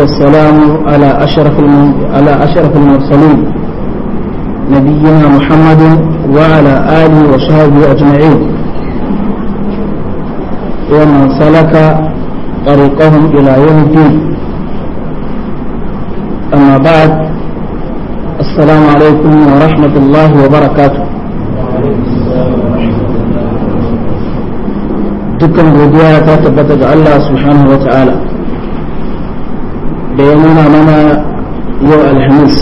والسلام على أشرف على أشرف المرسلين نبينا محمد وعلى آله وصحبه أجمعين ومن سلك طريقهم إلى يوم الدين أما بعد السلام عليكم ورحمة الله وبركاته dukkan godiya ta tabbata ga Allah subhanahu wa ta'ala بيومنا منا يوم الخميس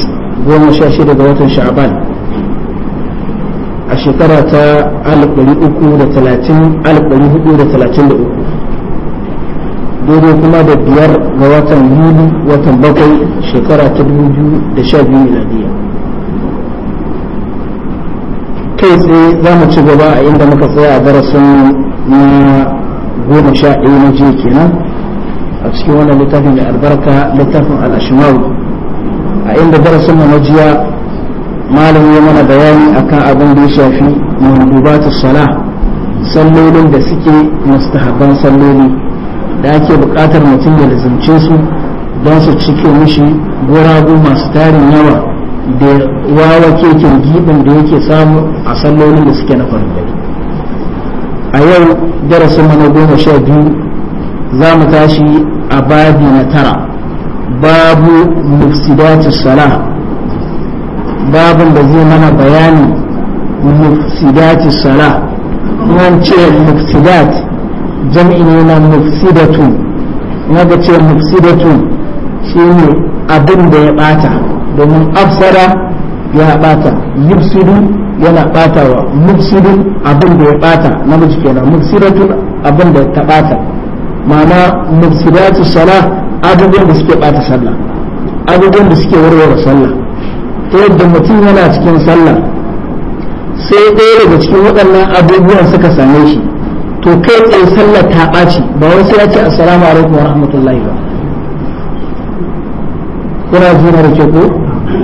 يوم شاشيد بوات شعبان الشكرة تا ألف بلي أكو لتلاتين ألف بلي أكو لتلاتين لأكو دورو كما ببيار بوات يولي وتنبطي شكرة تبوجو لشاب ميلادية كيف زامة شبابا عندما كفايا درس ما هو مشاعر نجيكي a cikin wannan littafin mai albarka littafin al'ashimau a inda darasin mu majiya malam ya mana bayani akan abin da ya shafi mandubatu sala sallolin da suke mustahabban salloli da ake buƙatar mutum ya lizance su don su cike mishi guragu masu tarin yawa da wawa keken gibin da yake samu a sallolin da suke na farko a yau darasin mana goma sha biyu za mu tashi a babi na tara babu mufsidatu sala babin da zai mana bayani mufsidatu sala wan ce mufsidat jam'i ne na mufsidatu naga ce mufsidatu shine abin da ya bata domin afsara ya bata yufsidu yana batawa mufsidun abin da ya bata namiji kenan mufsidatu abin da ta bata ma'ana mufsidatu salah abubuwan da suke bata sallah abubuwan da suke warware sallah ta yadda mutum yana cikin sallah sai ɗaya daga cikin waɗannan abubuwan suka same shi to kai tsaye sallah ta ɓaci ba wai sai ya ce assalamu alaikum wa rahmatullahi ba kuna jina da ko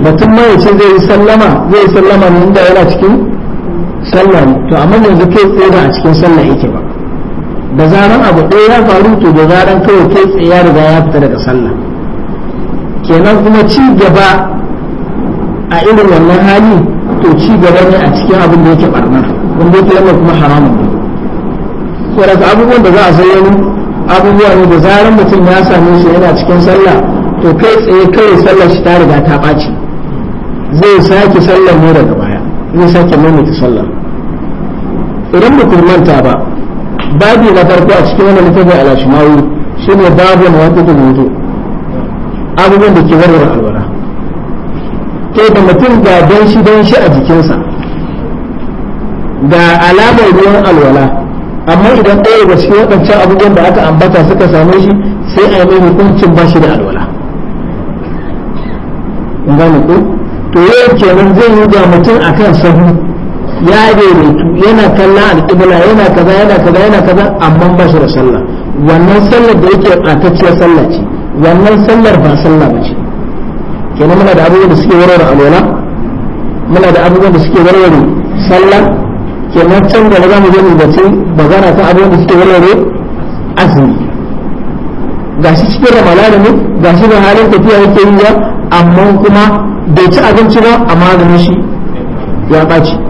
mutum ma ya ce zai yi sallama zai yi sallama ne inda yana cikin sallah ne to amma yanzu kai tsaye ba a cikin sallah yake ba da zaran abu ɗaya ya faru to da zaran kawai kai tsaye ya riga ya fita daga sallah kenan kuma ci gaba a irin wannan hali to ci gaba ne a cikin abin da yake barna wanda yake yana kuma haramun ne da abubuwan da za a ne abubuwa ne da zaran mutum ya same shi yana cikin sallah to kai tsaye kawai sallar shi ta riga ta ɓaci zai sake sallar ne daga baya zai sake maimaita sallah idan mutum manta ba babi na farko a cikin wannan littafi al-ashmawi ne babin wata da mutu abubuwan da ke warware alwala kai da mutum ga don shi a jikinsa ga alamar ruwan alwala amma idan ɗaya da cikin waɗancan abubuwan da aka ambata suka same shi sai a yi mai hukuncin ba shi da alwala gane ko to yau kenan zai yi ga mutum akan sahu ya daidaitu yana kalla alƙibla yana kaza yana kaza yana kaza amma ba shi da sallah wannan sallar da yake ɓatacciyar sallah ce wannan sallar ba sallah ba ce kenan muna da abubuwan da suke warware alola muna da abubuwan da suke warware sallah kenan can da za mu je mu bace gana ta abubuwan da suke warware azumi gashi cikin ramalana ne gashi da halin tafiya yake yi amma kuma bai ci abinci ba amma da shi ya ɓaci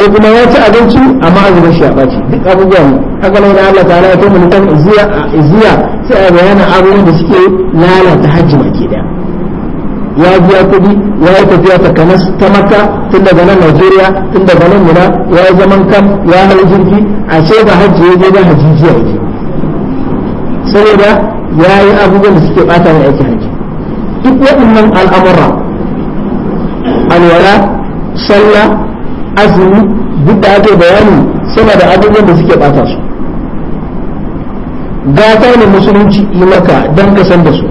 ko kuma ya ci abinci amma azumin shi ya ɓaci duk abubuwan haka nan da Allah ta'ala ya kai mu iziya sai a bayyana abubuwan da suke lalata hajji baki daya ya biya kuɗi ya yi tafiya ta maka tun daga nan Najeriya tun daga nan Muna ya yi zaman kam ya hau jirgi a ce ba hajji ya je ba hajji jiya ya saboda ya yi abubuwan da suke ɓata da aikin hajji duk waɗannan al'amura alwala sallah azumi duk da ake bayani suna da abubuwan da suke bata su gata ne musulunci yi maka don ka san da su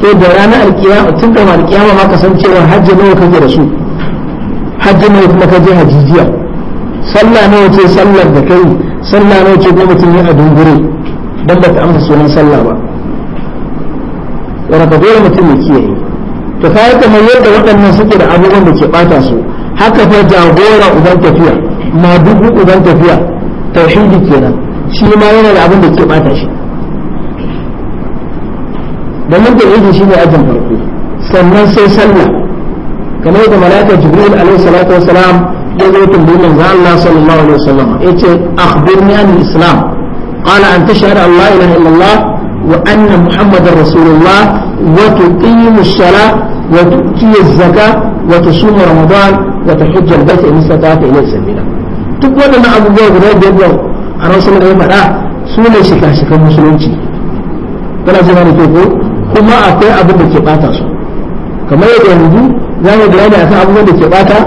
sai da ranar alkiyama tun kama alkiyama ma ka san cewa hajji nawa kake da su hajji nawa kuma ka je hajjijiya sallah nawa ce sallar da kai sallah nawa ce goma tun yi a dungure don ba ta amsa sunan sallah ba wanda ka dole mutum ya kiyaye to yi kamar yadda waɗannan suke da abubuwan da ke ɓata su haka fa jagora uban tafiya ma dubu uban tafiya tauhidi kenan shi ma yana da abin da ke bata shi domin tauhidi shine ajin farko sannan sai sallah kamar yadda malaika jibril alaihi salatu wasalam ya zo tambayi manzo Allah sallallahu alaihi wasallam yace akhbirni an islam qala an tashhadu an la ilaha illallah wa anna muhammadar rasulullah wa tuqimu الصلاه وتؤتي الزكاه وتصوم رمضان wata hujjar bai in nisa ta nisa sabila duk waɗannan abubuwa guda biyar da a rasu da ya faɗa su ne shika-shikan musulunci kana zama da ko kuma akwai abin da ke bata su kamar yadda yanzu za mu bayani akan abubuwan da ke bata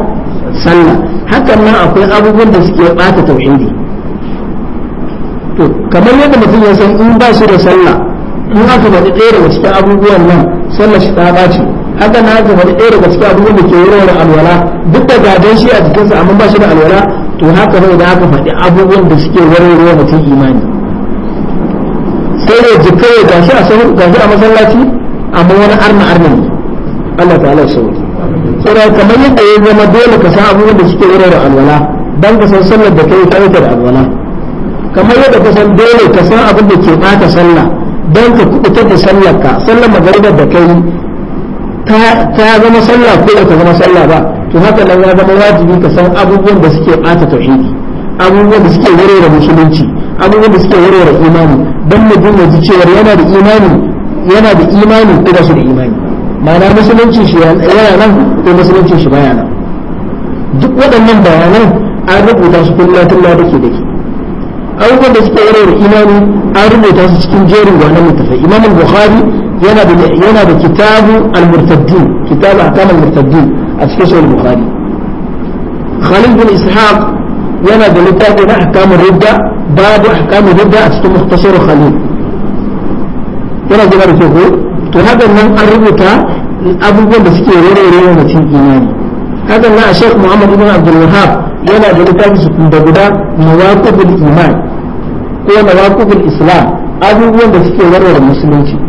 sallah hakan nan akwai abubuwan da suke bata tauhidi to kamar yadda mutum ya san in ba shi da sallah in aka faɗi ɗaya daga cikin abubuwan nan sallah shi ta ɓaci haka na haka wani ɗaya daga cikin abubuwan da ke yi rawar alwala duk da gadon shi a jikinsa amma ba shi da alwala to haka ne da haka faɗi abubuwan da suke warin ruwa mutum imani sai da jikin ya gashi a sahur gashi a masallaci amma wani arna arna ne Allah ta'ala ya sauke saboda kamar yadda ya zama dole ka san abubuwan da suke warware alwala don ka san sallar da ka ta kawai da alwala kamar yadda ka san dole ka san abin da ke ɓata sallah don ka kuɓutar da sallar ka sallar magariba da kai ta zama sallah ko ba ta zama sallah ba to haka nan ya zama wajibi ka san abubuwan da suke bata tauhidi abubuwan da suke warware musulunci abubuwan da suke warware imani dan mutum ya ji cewa yana da imani yana da imani ko ba shi da imani ma'ana musulunci shi yana nan ko musulunci shi baya nan duk waɗannan bayanan an rubuta su kullum kullum da dake-dake abubuwan da suke warware imani an rubuta su cikin jerin gwanan mutafai imamul bukhari ينا بكتاب المرتدين كتاب أحكام المرتدين أشكسه البخاري خالد بن إسحاق ينا بكتاب أحكام الردة باب أحكام الردة أشكو مختصر خليل ينا بكتاب الفقور تهدى من الربطة أبو بن بسكي يريد يريد يريد يريد هذا ما الشيخ محمد بن عبد الوهاب ينا بكتاب سكون بغداد مواقف الإيمان ونواقف الإسلام أبو بن بسكي يريد يريد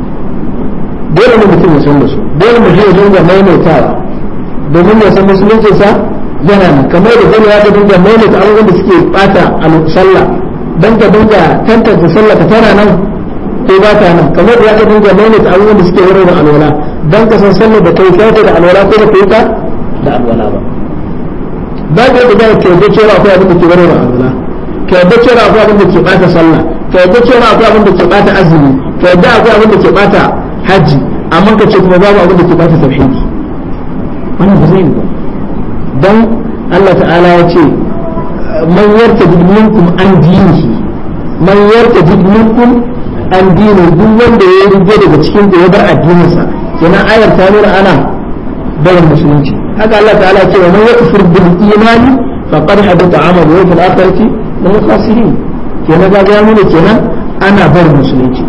dole ne mutum ya san da su dole mu je dinga maimaitawa domin ya san musulunci sa yana nan kamar da zai ya dinga maimaita abubuwan da suke bata a sallah dan ka dinga tantance sallah ka tana nan ko ba ta nan kamar da ya dinga maimaita abubuwan da suke wurin da alwala dan ka san sallah da kai ta da alwala ko da kai ta da alwala ba ba da yadda zai da cewa akwai abin da ke wurin da alwala da cewa akwai abin da ke bata sallah da cewa akwai abin da ke bata azumi da akwai abin da ke bata haji amma ka ce kuma babu abin da ke bata tauhidi wannan ba zai yi ba dan Allah ta'ala ya ce man yartadid minkum an dinihi man yartadid minkum an dinihi duk wanda ya rige daga cikin da ya bar sa kenan ayar ta nuna ana bayan musulunci haka Allah ta'ala ce wa man yakfur bil imani faqad hadatha amalu wa fil akhirati min khasirin kenan ga ya nuna kenan ana bayan musulunci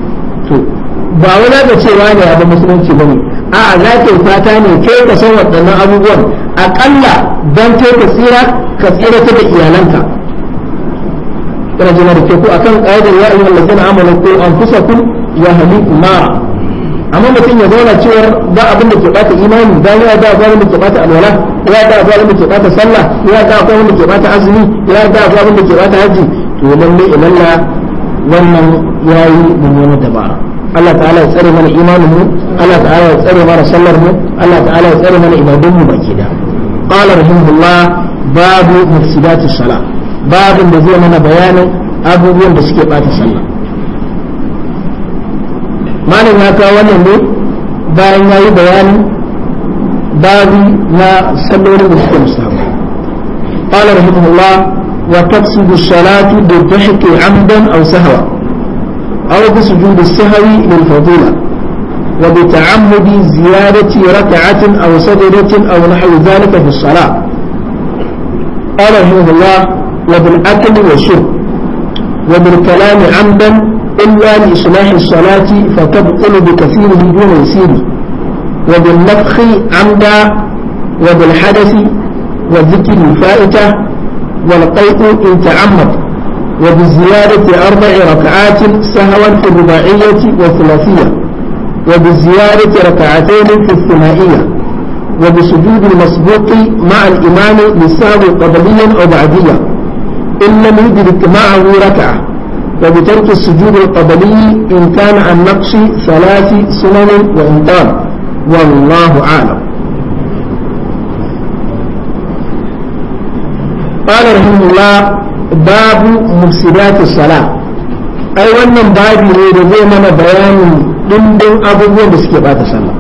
ba wani da cewa ne ba musulunci ba ne a za ka yi fata ne ke ka san waɗannan abubuwan aƙalla don kai ka tsira ka tsira ta da iyalanka kana jima da ke ku kan ƙa'idar ya ayyuhal ko an kusa anfusakum ya ahlikum nara amma mutum ya zauna cewar ba abin da ke bata imani ba ya da ba da ke bata alwala ya da ba da ke bata sallah ya da ba da ke bata azumi ya da ba da ke bata haji to lalle ilalla wannan yayi mummunar dabara Allah ta'ala ya tsare mana imaninmu Allah ta'ala ya tsare mana sallar mu Allah ta'ala ya tsare mana ibadun mu baki da qala rahimahullah babu mufsidati salah babin da zai mana bayanin abubuwan da suke bata sallah malam ya kawo wannan ne bayan ya yi bayanin na sallolin da suke musamman qala rahimahullah wa tafsidu salatu bi dhahki amdan aw sahwa أو بسجود السهو للفضيلة وبتعمد زيادة ركعة أو سجدة أو نحو ذلك في الصلاة قال رحمه الله وبالأكل والشرب وبالكلام عمدا إلا لإصلاح الصلاة فتبطل بكثيره دون يسير وبالنفخ عمدا وبالحدث وذكر الفائتة والقيء إن تعمد وبزيادة أربع ركعات سهوا في الرباعية والثلاثية وبزيادة ركعتين في الثنائية وبسجود المسبوق مع الإمام للسهو قبليا أو بعديا إن لم يدرك معه ركعة وبترك السجود القبلي إن كان عن نقش ثلاث سنن وإن والله أعلم قال رحمه الله babu mufsidati sala ai wannan babu ne da zai mana bayanin dindin abubuwan da suke bata sallah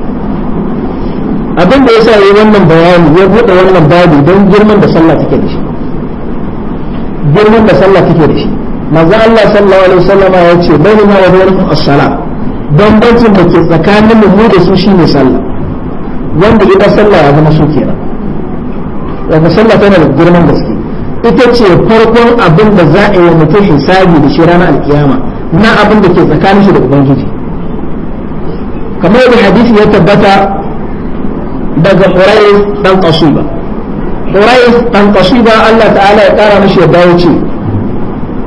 abin da yasa yi wannan bayani ya buɗe wannan babu don girman da sallah take da shi girman da sallah take da shi manzo Allah sallallahu alaihi wasallam ya ce bainana wa bainakum as-salah bambancin da ke tsakanin mu da su shine sallah wanda ita sallah ya zama su kenan wanda sallah tana da girman gaske ita ce farkon abin da za a yi mutum hisabi da shi ranar alkiyama na abin da ke tsakanin shi da ubangiji kamar yadda hadisi ya tabbata daga ƙurais dan ƙasuba ƙurais dan ƙasuba Allah ta'ala ya ƙara mishi ya dawo ce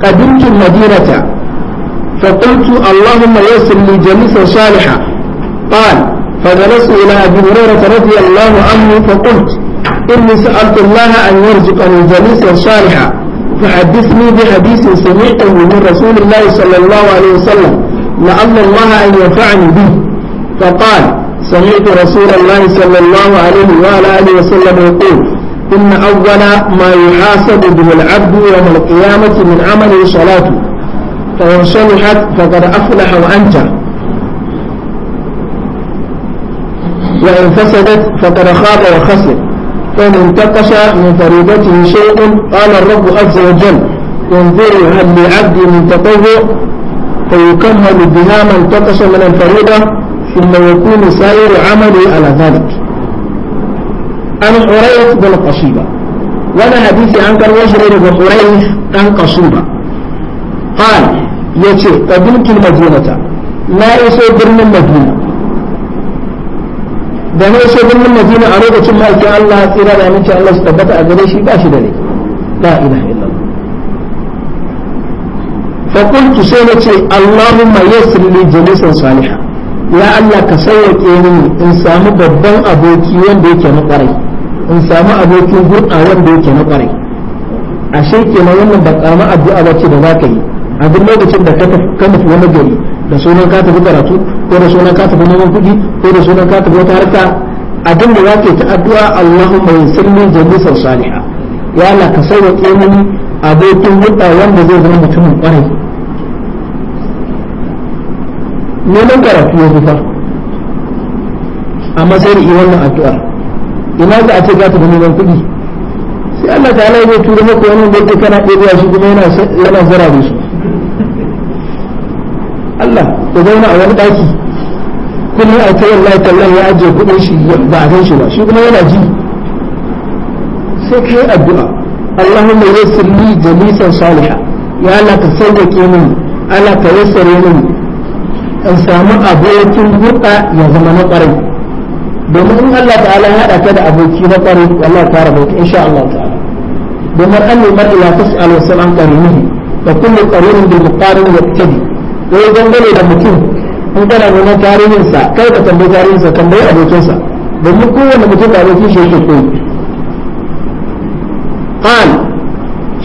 qadimtu madinata fa qultu allahumma yassir li jalisa salihan qal fa jalasu ila abi hurairah radiyallahu anhu fa qultu إني سألت الله أن يرزقني جليسا صالحا فحدثني بحديث سمعته من رسول الله صلى الله عليه وسلم لعل الله أن ينفعني به فقال سمعت رسول الله صلى الله عليه وعلى آله وسلم يقول إن أول ما يحاسب به العبد يوم القيامة من عمله صلاته فإن صلحت فقد أفلح وأنجح وإن فسدت فقد خاب وخسر من انتقش من فريضته شيء قال الرب عز وجل انظروا هل لعبد من تطوع فيكمل بها ما انتقش من الفريضة ثم يكون سائر عمله على ذلك عن حريث بن قصيبة ولا حديث عن كروشر بن حريث عن قصيبة قال يتي قدمت المدينة لا يسوى من المدينة da ne shi nan madina a lokacin ma'aikin Allah tsira da aminci Allah su tabbata a gare shi ba shi da ne la ilaha illallah fa qultu sai na ce Allahumma yassir li jalisan salihah ya Allah ka sauke mini in samu babban aboki wanda yake na kwarai in samu abokin gurɗa wanda yake na kwarai ashe na wannan ba kama addu'a bace da ka yi a duk lokacin da ka tafi wani gari da sunan ka tafi karatu ko da sunan ka tafi neman kuɗi ko da sunan ka tafi wata harka abin da zaka ta addu'a Allahumma yassirni jalisan salihah ya Allah ka sauke mini abokin hudda wanda zai zama mutumin kwarai neman karatu ya fi amma sai da iya wannan addu'ar ina za a ce za ta neman kuɗi sai Allah ta halaye tura maka wannan da kana ɗaya shi kuma yana zara da su ya zauna a wani ɗaki kuma a ta yin lai tallan ya ajiye kuɗin shi ba a san shi ba shi kuma yana ji sai kai addu'a Allahumma yassir li jalisan salihah ya Allah ka sauƙaƙe min Allah ka yassare min in samu abokin hulɗa ya zama na ƙwarai domin in Allah ta'ala ya haɗa ka da aboki na ƙwarai Allah ta rabu insha Allah ta'ala domin an nemar ila tas'al wa sal'an qarinihi wa kullu qarinin bil muqarin yaqtadi wai dangane da mutum in kana neman tarihinsa kai ka tambayi tarihinsa tambayi abokinsa domin kowane mutum da abokin shi yake koyi qal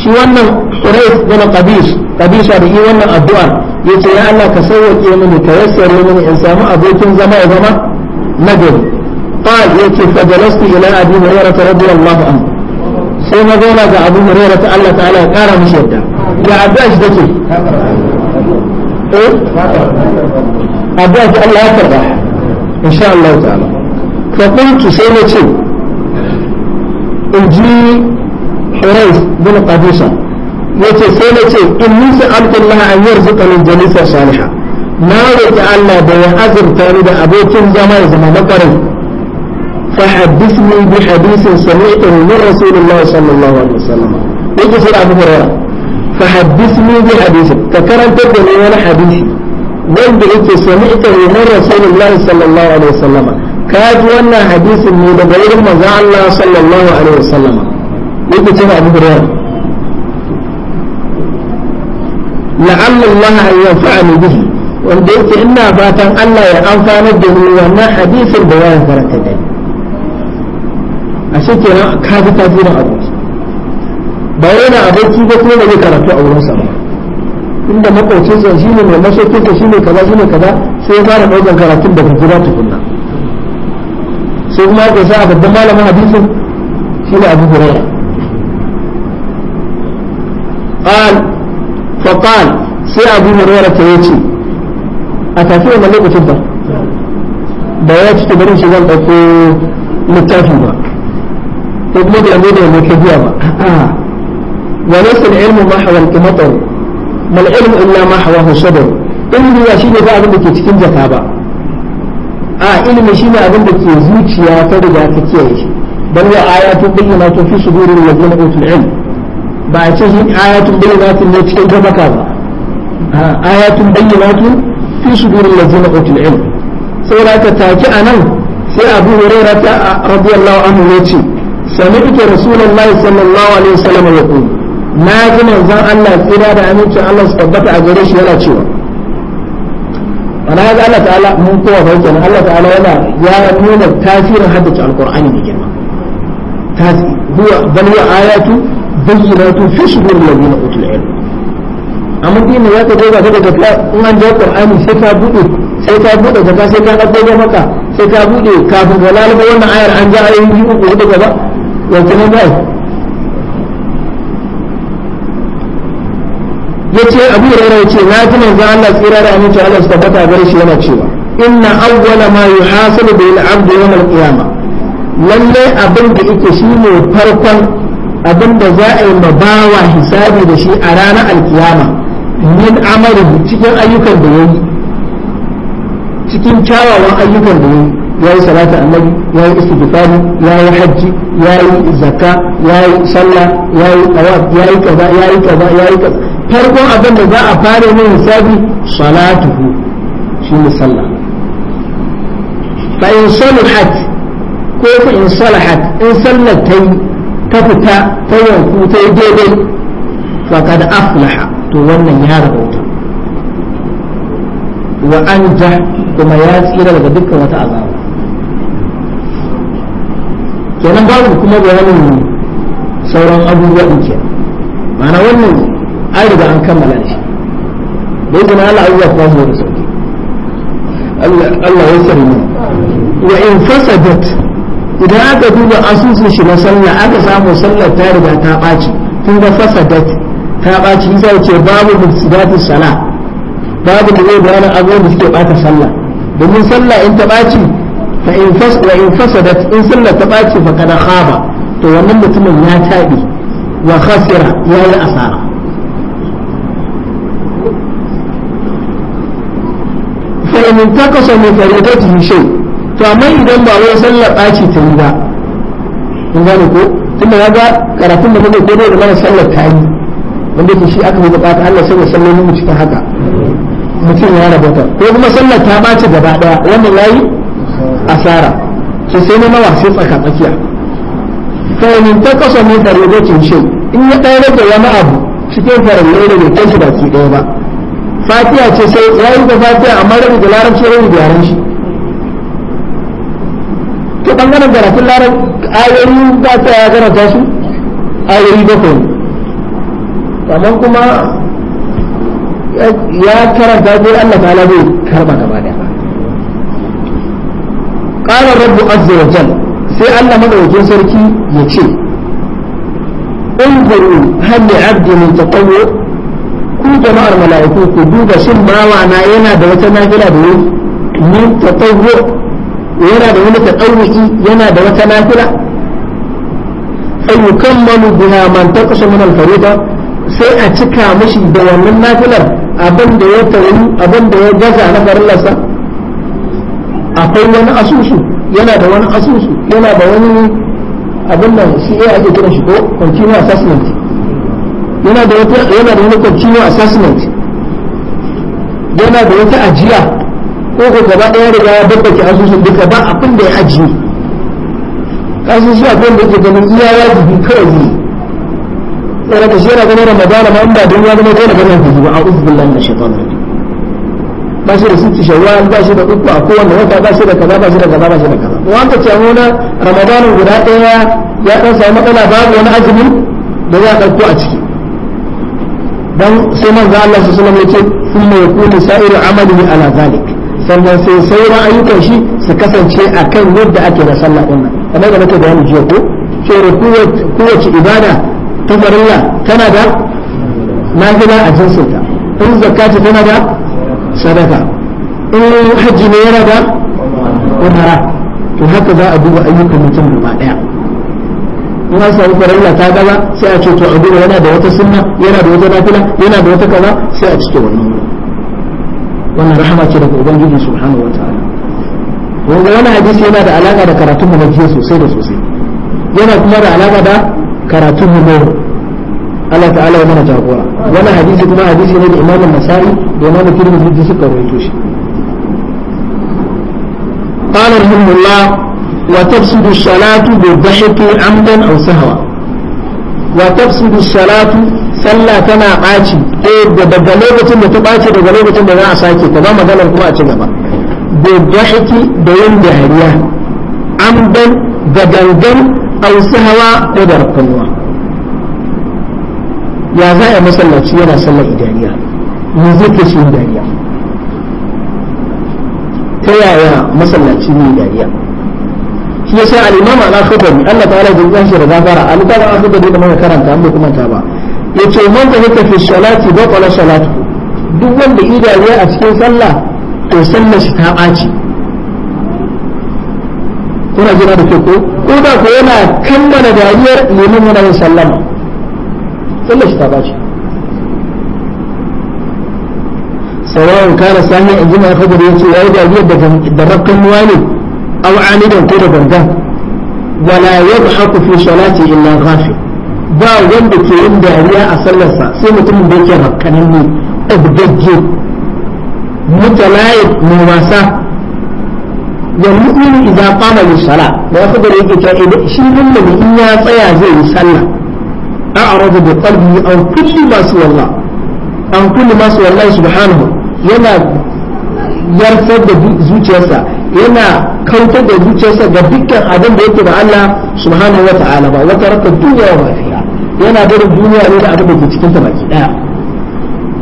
shi wannan quraysh bin qabish qabisha da yi wannan addu'a yace ya Allah ka sauke mini ka yassare mini in samu abokin zama ya zama nagari qal yace fa jalastu ila abi hurairah radiyallahu anhu sai na zauna ga abu hurairah ta Allah ta'ala ya kara mishi yadda ya addu'a shi take ايه ابوك قال لها تربح ان شاء الله تعالى فقلت سيمتي اجي حريث بن قبيصة يتي سيمتي ان من سألت الله ان يرزق من جليسة صالحة ما رجع الله بيا عزر تاريد ابوك زمان زمان بقري فحدثني بحديث سمعته من رسول الله صلى الله عليه وسلم يجي سيد ابو هريره fa hadithni bi hadithin ka karantar da ni wani hadisi wanda yake sami'ta min rasulullahi sallallahu alaihi wasallama ka ji wannan hadisin ne da wurin manzo Allah sallallahu alaihi wasallama yake cewa Abu Hurairah la'alla Allah an yanfa'ani bihi wanda yake ina fatan Allah ya amfanar da ni wannan hadisin da ya da ka ji tasirin abu ba yana abinci ba kuma ba zai karatu a wurin sa inda makwacin sa shi ne mai masaukin sa ne kaza shi ne kaza sai ya fara ɗaukar karatun daga kuma tukunna sai kuma ya sa a babban malamin hadisin ne Abu Hurairah قال فقال سي أبو هريرة يأتي أتافي ولا لك تفضل بيات تبرين شغال أكو للتافي ما ابن الأمين ومكبيا ما وليس العلم محو التمطر ما العلم إلا محوه صبر ilimi ya shine ba abin da ke cikin jaka ba a ilimi shine abin da ke zuciya ta riga ta kiyaye shi bal wa ayatun tun fi sudurin ladina utul ilm ba a ce ayatun bayyinatun ne cikin gabaka ba ayatun bayyinatun fi sudurin ladina utul ilm saboda ta take anan sai abu hurairah radiyallahu anhu ya ce ita rasulullahi sallallahu alaihi wasallam yaqulu na ji manzon Allah tsira da aminci Allah su tabbata a gare shi yana cewa ana ga Allah ta'ala mun kowa fa kenan Allah ta'ala yana ya nuna tasirin haddace alqur'ani da girma tasiri huwa bal huwa ayatu bayyinatu fi sudur alladhina utul ilm amma dinin ya ka doga daga gafiya in an ji qur'ani sai ta bude sai ta bude gaba sai ta dauko maka sai ta bude kafin walal ba wannan ayar an ji ayoyi uku daga ba wato ne bai yace abu hurairah yace na ji manzon Allah tsira da aminci Allah su tabbata gare shi yana cewa inna awwala ma yuhasabu bil abd yawm al qiyamah lalle abin da yake shine farkon abin da za a yi bawa hisabi da shi a ranar alkiyama min amalihi cikin ayyukan da yayi cikin kyawawan ayyukan da yayi ya yi salata annabi ya yi istighfari ya yi hajji ya yi zakka ya yi sallah ya yi tawaf ya yi kaza ya yi kaza ya yi kaza farkon abin da za a fara yin hisabi salatuhu shi ne sallah fa in salahat ko fa in salahat in sallar ta yi ta fita ta yanku ta yi daidai fa kad aflaha to wannan ya rabauta wa anja kuma ya tsira daga dukkan wata azaba kenan babu kuma da wani sauran abubuwa ɗin ke ma'ana wannan an riga an kammala ne, bai da yake na Allah abubuwa kuma zuwa da sauki Allah ya sani mu wa in fasadat idan aka duba asusun shi na sallah aka samu sallar ta riga ta ɓaci tun ga fasadat ta ɓaci isa ce babu mutsidatu sala babu da zai bayanin abubuwan da suke ɓata sallah domin sallah in ta ɓaci fa in fas wa in fasadat in sallah ta ɓaci fa kada khaba to wannan mutumin ya taɓi wa khasira ya yi asara in takasa min fariqatihi shay to amma idan ba wai sallar ɓaci ta yi ba kun gane ko tunda ya ga karatun da muke ko da mana sallar ta yi wanda ke shi aka yi bukata Allah sai ya sallo mu cikin haka mutum ya rabota ko kuma sallar ta ɓaci gaba daya wannan yayi asara to sai ne mawa sai tsaka tsakiya fa in takasa min fariqatihi shay in ya ɗaya da ma abu cikin farallai da bai kai shi baki ɗaya ba fatiya ce sai ya yi ga fatiya amma rabin da larabci rabin da yaran shi ta bangaren garafin laran ayoyi ba ta ya garanta su ayoyi bakwai amma kuma ya tara da ko Allah ta labe karba gaba da ƙarar rabu azza wa jal sai Allah madawakin sarki ya ce ƙungurin hannun abdi mai tattalin jama'ar mala'iku ku duba shin bawa na yana da wata nafila da ni tatawwu yana da wani tatawwi yana da wata nafila fa yukammalu biha man taqasa min al-fariida sai a cika mishi da wannan nafilar abin da ya tawu abin da ya gaza na farillarsa akwai wani asusu yana da wani asusu yana da wani abin nan shi ya ake kiran shi ko continuous assessment yana da wata yana da assessment yana da wata ajiya ko ko gaba daya riga ya babbake asusun duka ba abin da ya ajiye kasu shi abin da ke ganin iya wajibi kawai tsara ka shera ganin ramadana ma inda don ya zama kai da ganin hudu ba a uzu billan da shaitan ba shi da sitti shawwal ba shi da uku a kowanne wata ba shi da kaza ba shi da kaza ba shi da kaza wanda ce na ramadana guda daya ya dan samu matsala babu wani azumin da za a ɗauko a ciki dan sai manzo Allah sallallahu alaihi wasallam yace kuma yakunu sa'iru amalihi ala zalik sannan sai sauran ayyukan shi su kasance akan yadda ake da sallah din kamar da muke bayani jiya ko kowace ibada ta farilla tana da nafila a jinsinta in zakati tana da sadaka in hajji ne yana da umara to haka za a duba ayyukan mutum gaba daya in samu farilla ta gaba sai a ce to a yana da wata sunna yana da wata nafila yana da wata kaza sai a cike wannan wannan rahama ce daga ubangiji subhanahu wataala wanda wannan hadisi yana da alaka da karatun mu na jiya sosai da sosai yana kuma da alaka da karatun mu na Allah ta'ala ya mana jagora wannan hadisi kuma hadisi ne da imamin nasari da imamin tirmidhi suka rawaito shi قال رحمه الله وتفسد الصلاة بالضحك عمدا أو سهوا وتفسد الصلاة صلى تنا قاتي إيه بدلوبة بتقاتي بدلوبة بما أساكي كما مدل القوة تجمع بالضحك بين دهرية عمدا بدلدل أو سهوا قدر القنوة يا ذا مسلتي أنا صلى إدارية مزيك شين دارية ta yaya masallaci ne dariya ya yasa al-imam al-akhbari Allah ta'ala ya jinkan shi da gafara ta imam al-akhbari da muka karanta an kuma ta ba yace man da yake fi salati batala salatu duk wanda idariya a cikin sallah to sallar shi ta baci kuna jira da ko ko da ko yana kammala dariyar limin yana yin sallama sallar shi ta baci سواء كان صحيح عندما أخبر يتي da دارية دمك موالي aw amidan ko da gangan wala yadhaku fi salati illa ghafil ba wanda ke yin dariya a sallarsa sai mutumin da yake rakkanin ne abgagge mutalayi mai wasa ya mu'minu idza qama lis sala da wasu da yake ta idan shi mummuni in ya tsaya zai yi sallah a'rada bi an subhanahu yana yarfar da zuciyarsa yana kautar da zuciyarsa ga dukkan abin da yake ba Allah subhanahu wata'ala ba wata raka duniya wa yana barin duniya ne da abin da cikin ta baki daya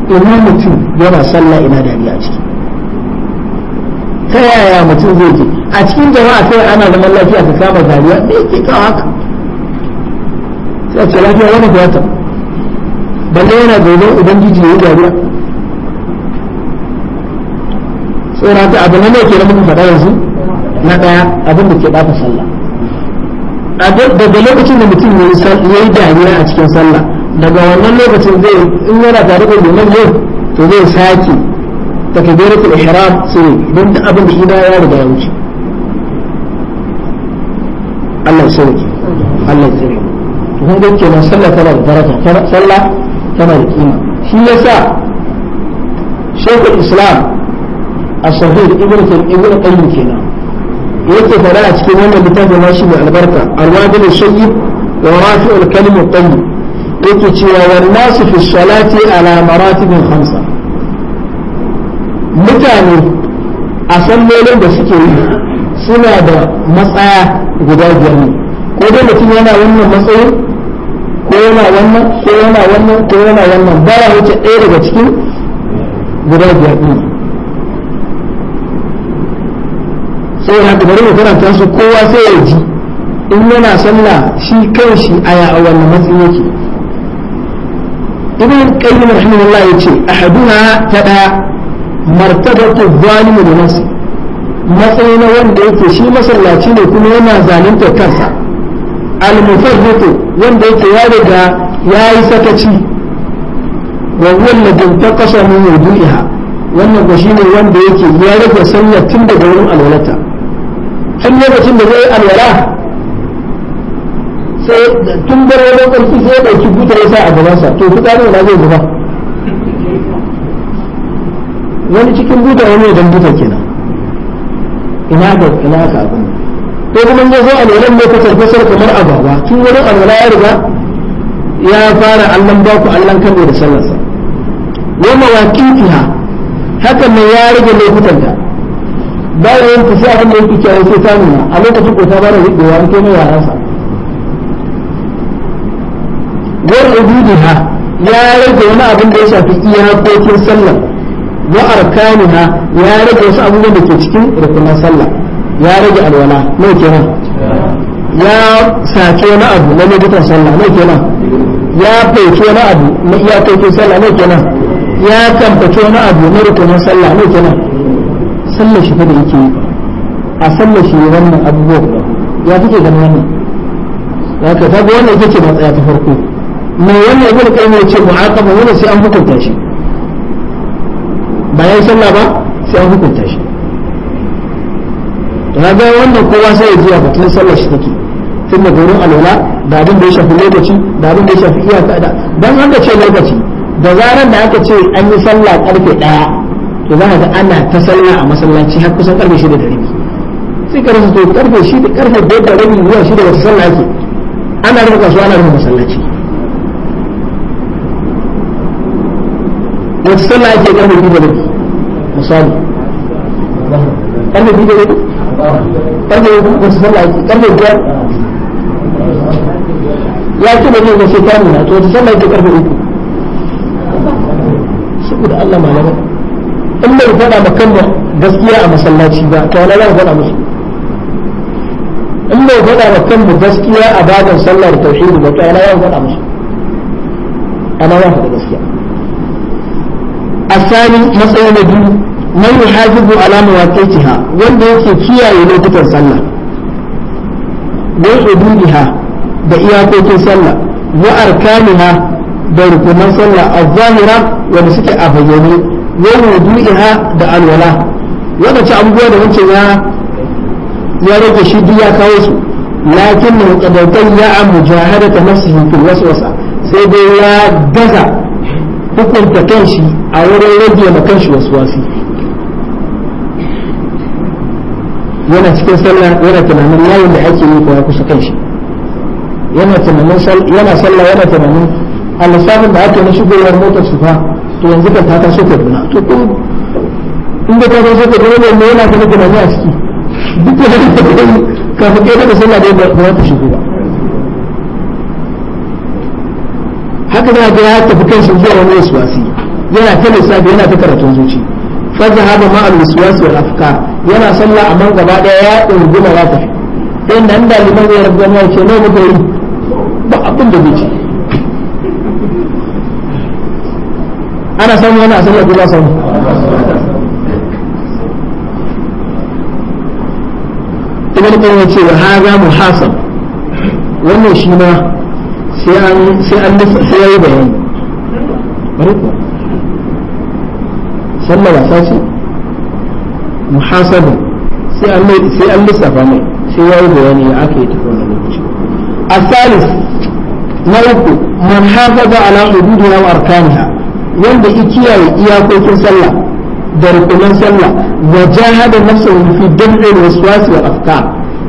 ina mutum yana sallah ina dariya a ciki ta yaya mutum zai je a cikin jama'a kai ana zaman lafiya ka kama dariya me yake kawo haka sai ce lafiya wani ba ta balle yana gobe ubangiji ya yi dariya tsora ta abu na ne ke da muka faɗa yanzu na ɗaya abin da ke ɓata sallah daga lokacin da mutum ya yi dariya a cikin sallah daga wannan lokacin zai in yana tare da liman yau to zai sake takbiratul ihram sai don duk abin da ina ya riga ya wuce Allah ya sauke Allah ya tsare to kun gaske na sallah tana da daraja sallah tana da kima shi yasa shaykhul islam الصديق ابن ابن القيم كنا يكتب فلات كنا من بتاج ماشي مع البركة الواد الشيب ورافع الكلم الطيب قلت يا والناس في الصلاة على مراتب خمسة متاني أصلي لهم بس كذي سنة مساء غدا جميل كل ما تيجي أنا وانا مساء كل ما وانا كل ما وانا كل ما وانا بره وجه إيه بس كذي غدا جميل saboda haka bari mu su kowa sai ya ji in yana sallah shi kan shi aya a wannan matsi yake ibn qayyim rahimahullah yace ahaduha tada martabatu zalim da nafsi matsayi na wanda yake shi masallaci ne kuma yana zalunta kansa al-mufarritu wanda yake ya riga yayi sakaci wa huwa alladhi taqasa min wudu'iha wannan ba shine wanda yake ya rage sanya tun daga wurin alwalata tun lokacin da zai alwala sai tun da wani ƙarfi sai ya ɗauki buta ya sa a gabansa to fitsarin na zai zuba wani cikin buta wani wajen buta kenan ina ga ina ka abin ko kuma ya zo alwalan ne ka tarfasar kamar agwagwa tun wurin alwala ya riga ya fara allan baku allan kan da sallarsa wa mawaqitiha hakan ne ya rage lokutan da bayan yanki sai abin da yake cewa sai ta nuna a lokacin ko ta bada riɗewa an kai na yaransa ne ha ya rage wani abin da ya shafi iyakokin sallar wa ha ya rage wasu abubuwan da ke cikin rukunan sallah ya rage alwala mai kenan ya sake wani abu na meditan sallah mai kenan ya faice wani abu na iyakokin sallah mai kenan ya kamface wani abu na rukunan sallah mai kenan sallar shi fa da yake a sallashi shi wannan abubuwa ya kike ganin wannan ya ka tabi wannan yake ce matsaya ta farko mai wannan ibn qayyim ya ce mu'aqaba wannan sai an hukunta shi ba yayi sallah ba sai an hukunta shi to ga wannan kowa sai ya zuwa batun sallar shi take tun da gurin alwala da abin da ya shafi lokaci da abin da ya shafi iyaka da dan an da ce lokaci da zarar da aka ce an yi sallah karfe ɗaya. to za ka ga ana ta sallah a masallaci har kusan karfe shida da rabi sai ka rasa to karfe shida karfe biyar da rabi zuwa shida wata sallah ake ana rufe kasuwa ana rufe masallaci wata sallah ake karfe biyu da rabi misali karfe biyu da rabi karfe wata sallah ake karfe biyar ya ce bane ga shekaru na to wata sallah ake karfe uku saboda Allah malamai in bai faɗa ma kan gaskiya a masallaci ba to wala za mu faɗa musu in bai faɗa ma kan gaskiya a sallah sallar tauhidi ba to wala za mu faɗa musu ana za mu faɗa gaskiya asali matsayi na biyu man yuhafizu ala mawaqi'atiha wanda yake kiyaye lokutan sallah wa hududiha da iyakokin sallah wa arkaniha da rukunan sallah a zahira wanda suke a bayyane wa wudu'iha da alwala wadancan abubuwa da wancan ya ya rage shi duk ya kawo su lakin na qadadan ya a mujahadata nafsihi fil waswasa sai dai ya gaza hukunta kanshi a wurin rage ma kanshi waswasi yana cikin sallah yana tunanin yayin da ake yi ko ya kusa kanshi yana tunanin yana sallah yana tunanin alisafin da ake na shigowar motar su fa to yanzu ka ta taso duna to ko in da ta ka kaduna ne yana kuma ne a ciki duk da ta ka kafin kai da sallah dai ba za ta shigo ba haka za ga ya tafi shi zuwa wani waswasi yana ta lissafi yana ta karatun zuci fazza haɓa ma al-waswasi wal afkar yana sallah man gaba daya ya ɗunguma ya tafi ta yadda an daliban ya rabu wani wace ne muka yi ba abin da zai ana samu wani a sallah ko ba samu ibn qayyim ce wa mu muhasab wannan shi ma sai an sai an sai bayani sallah wasa ce mu sai sai an lissafa mai sai yayi bayani ya aka yi tafi wannan lokaci الثالث ما يقول من حافظ على حدودها وأركانها wanda ya kiyaye iyakokin sallah da rukunan sallah wa jahada nafsahu fi daf'il waswas wal afka.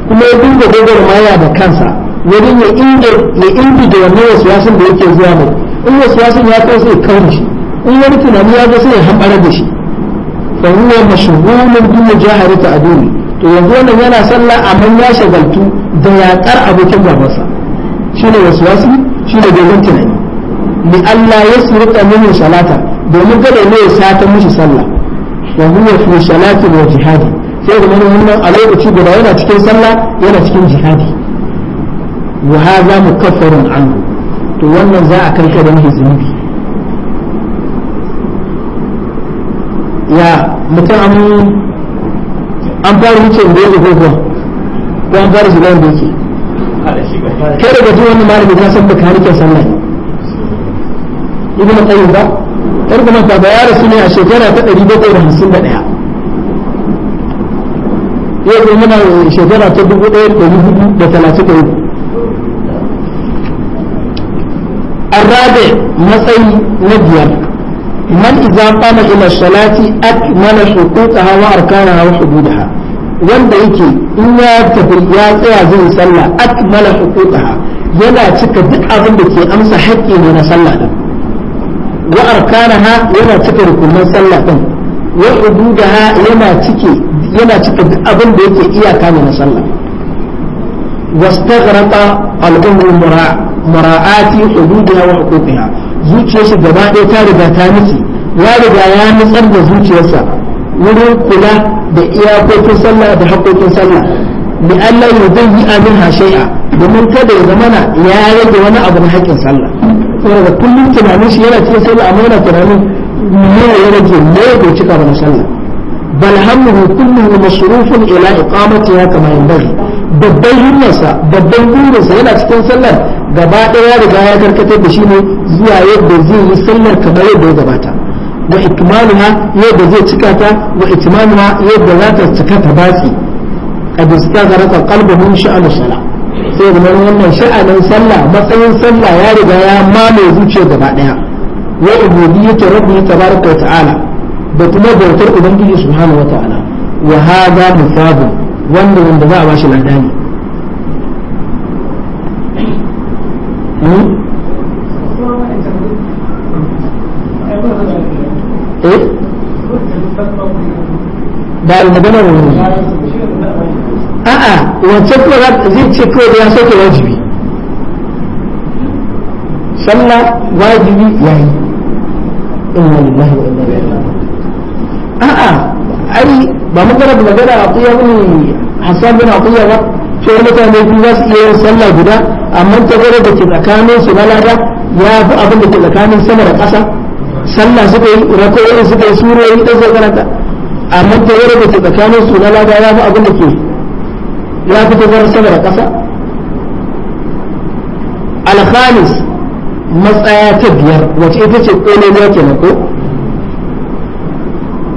kuma ya dinga gwagwarmaya da kansa wurin ya inda ya inda da wannan waswasin da yake zuwa mai in waswasin ya kai sai kawo shi in wani tunani ya zo sai ya hambara da shi fa huwa mashghulun bi mujaharati aduni to yanzu wannan yana sallah amma ya shagaltu da yaƙar abokin gabansa shine waswasi shine dogon tunani li Allah ya surta min salata domin kada ne ya sata mishi sallah wa huwa fi salati wa jihadi sai da nan wannan a lokaci guda yana cikin sallah yana cikin jihadi wa hadha mukaffarun anhu to wannan za a kai kada mishi zunubi ya mutum an an fara wuce da yake gogo ko an fara shiga da yake kada ga ji wannan malami ta san bukari ke sallah ibn qayyim ba kar kuma ta su ne a shekara ta 751 yau ko muna shekara ta 1433 الرابع مسأي نبيا من إذا قام إلى الصلاة أكمل حقوقها وأركانها وحدودها wanda yake in ya tafi ya tsaya zai sallah akmala huquqaha yana cika duk abin da ke amsa haƙƙi ne na sallah din wa arkanaha yana cika rukunin sallah din wa ududaha yana cike yana cika duk abin da yake iyaka ne na sallah wastaghraqa al-umru mura'ati hududaha wa huquqiha zuciyarsa gaba ɗaya ta riga ta miki ya riga ya nutsar da zuciyarsa wurin kula da iyakokin sallah da haƙoƙin sallah mai Allah ya zai yi amin shai'a domin kada ya zamana ya rage wani abu na haƙƙin sallah da kullum tunanin shi yana cikin sallah amma yana tunanin me ya rage me ya goci ka ban sallah bal hammuhu kulluhu masrufun ila iqamatiha kama bari babban himmarsa babban burinsa yana cikin sallar gaba ɗaya riga ya karkatar da shi ne zuwa yadda zai yi sallar kamar yadda ya gabata wa ikmaluha yadda zai cika ta wa itmamuha yadda za ta cika ta batsi qad istaghraqa qalbuhu sha'anu salah ɗaya da wannan sha'anin sallah matsayin sallah ya riga ya mamaye zuciya gaba ɗaya wa ubudiyyatu rabbi tabaraka wa ta'ala da kuma bautar ubangiji subhanahu wa ta'ala wa hadha musabun wanda wanda za a bashi ladani hmm? eh? ba al magana ne wancan kuma zai ce kawai da ya sauke wajibi sallah wajibi ya yi inna lillahi wa inna ilaihi a'a ai ba mu gara magana a tuya ne hasan bin atiya ba to mutane biyu za su iya yin sallah guda amma ta gara da ke tsakanin su na lada ya fi abin da ke tsakanin sama da ƙasa sallah suka yi rakoyi suka yi surori da zai karanta amma ta gara da ke tsakanin su na lada ya fi abin da ke لا تتجر سبرة قصة الخالص مسأة تبير وشئتش قولي لك نكو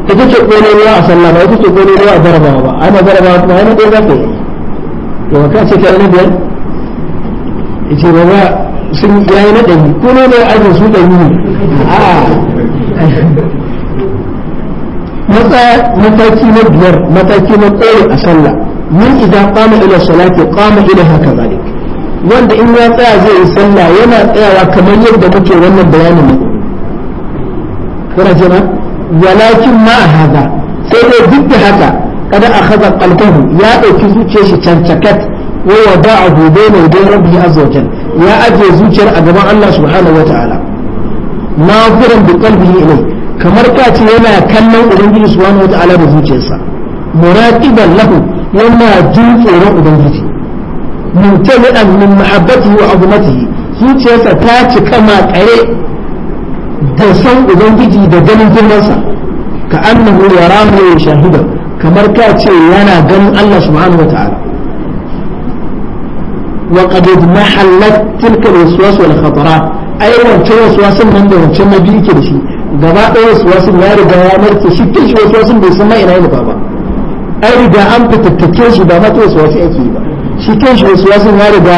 تجيش قولي لي أصلا ما تجيش قولي لي أضربا وبا أنا ضربا وبا أنا ضربا إيه؟ وبا أنا كان سيكون أنا إذا هو أنا ندعي كنو أنا أجل سوء أنا مسأة متاكي أنا متاكي نبير أصلا من إذا ila إلى الصلاة ila إليها كذلك wanda in ya tsaya zai yi sallah yana tsayawa kamar yadda muke wannan bayanin ne kuna jira walakin ma haza sai dai duk da haka kada a kaza qalbahu ya dauki zuciyar shi cancakat wa mai bayna yaday rabbi azza wa ya ajiye zuciyar a gaban Allah subhanahu wataala nafiran bi qalbihi ilai kamar ka ce yana kallon ubangiji subhanahu wataala da zuciyarsa muraqiban lahu yana jin tsoron ubangiji mumtali'an min mahabbatihi wa azumatihi zuciyarsa ta ci kama makare da san ubangiji da ganin girmansa ka annahu yarahu wa shahida kamar ka ce yana ganin Allah subhanahu wa ta'ala wa qad mahallat tilka al-waswas wal khatarat ai wancan waswasin nan da wancan na yake da shi gaba ɗaya waswasin ya riga ya narke shi kin shi waswasin bai san ma ina yana ba an riga an fitattake shi ba mata wasu wasu ake yi ba shi kan shi wasu wasu ya riga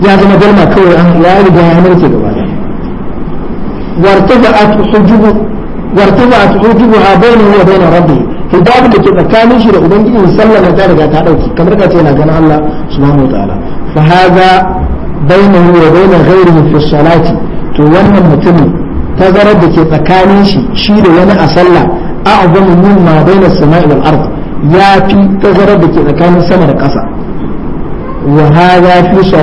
ya zama galma kawai an ya riga ya narke gaba da warta hujubu wartaza'at hujubu a bainahu wa bain rabbih hijabi da ke tsakanin shi da ubangiji sallama ta riga ta dauki kamar ka ce na ganin Allah subhanahu wa ta'ala fa hadha bainahu wa bain ghayrihi fi salati to wannan mutumin tazarar da ke tsakanin shi shi da wani a sallah A'a mimma bayna as-sama'i wal ard ya fi tazarar da ke tsakanin sama da ƙasa wa hadha fi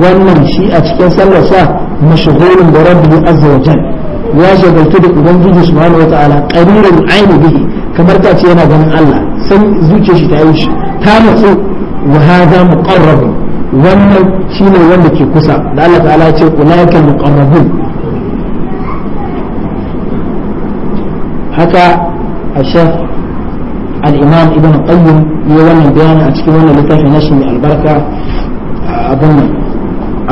wannan shi a cikin sallar sa da bi rabbihi azza wa jalla ya shagaltu da ubangiji subhanahu wa ta'ala qariran aini bihi kamar ta ce yana ganin Allah sai zuciyar shi ta yi shi ta nutsu wa mu muqarrab wannan shine wanda ke kusa da Allah ta'ala ya ce ulaika muqarrabun haka a shaf al'imam ibn qayyim ne wannan bayanin a cikin wannan littafi na shi mai albarka abin nan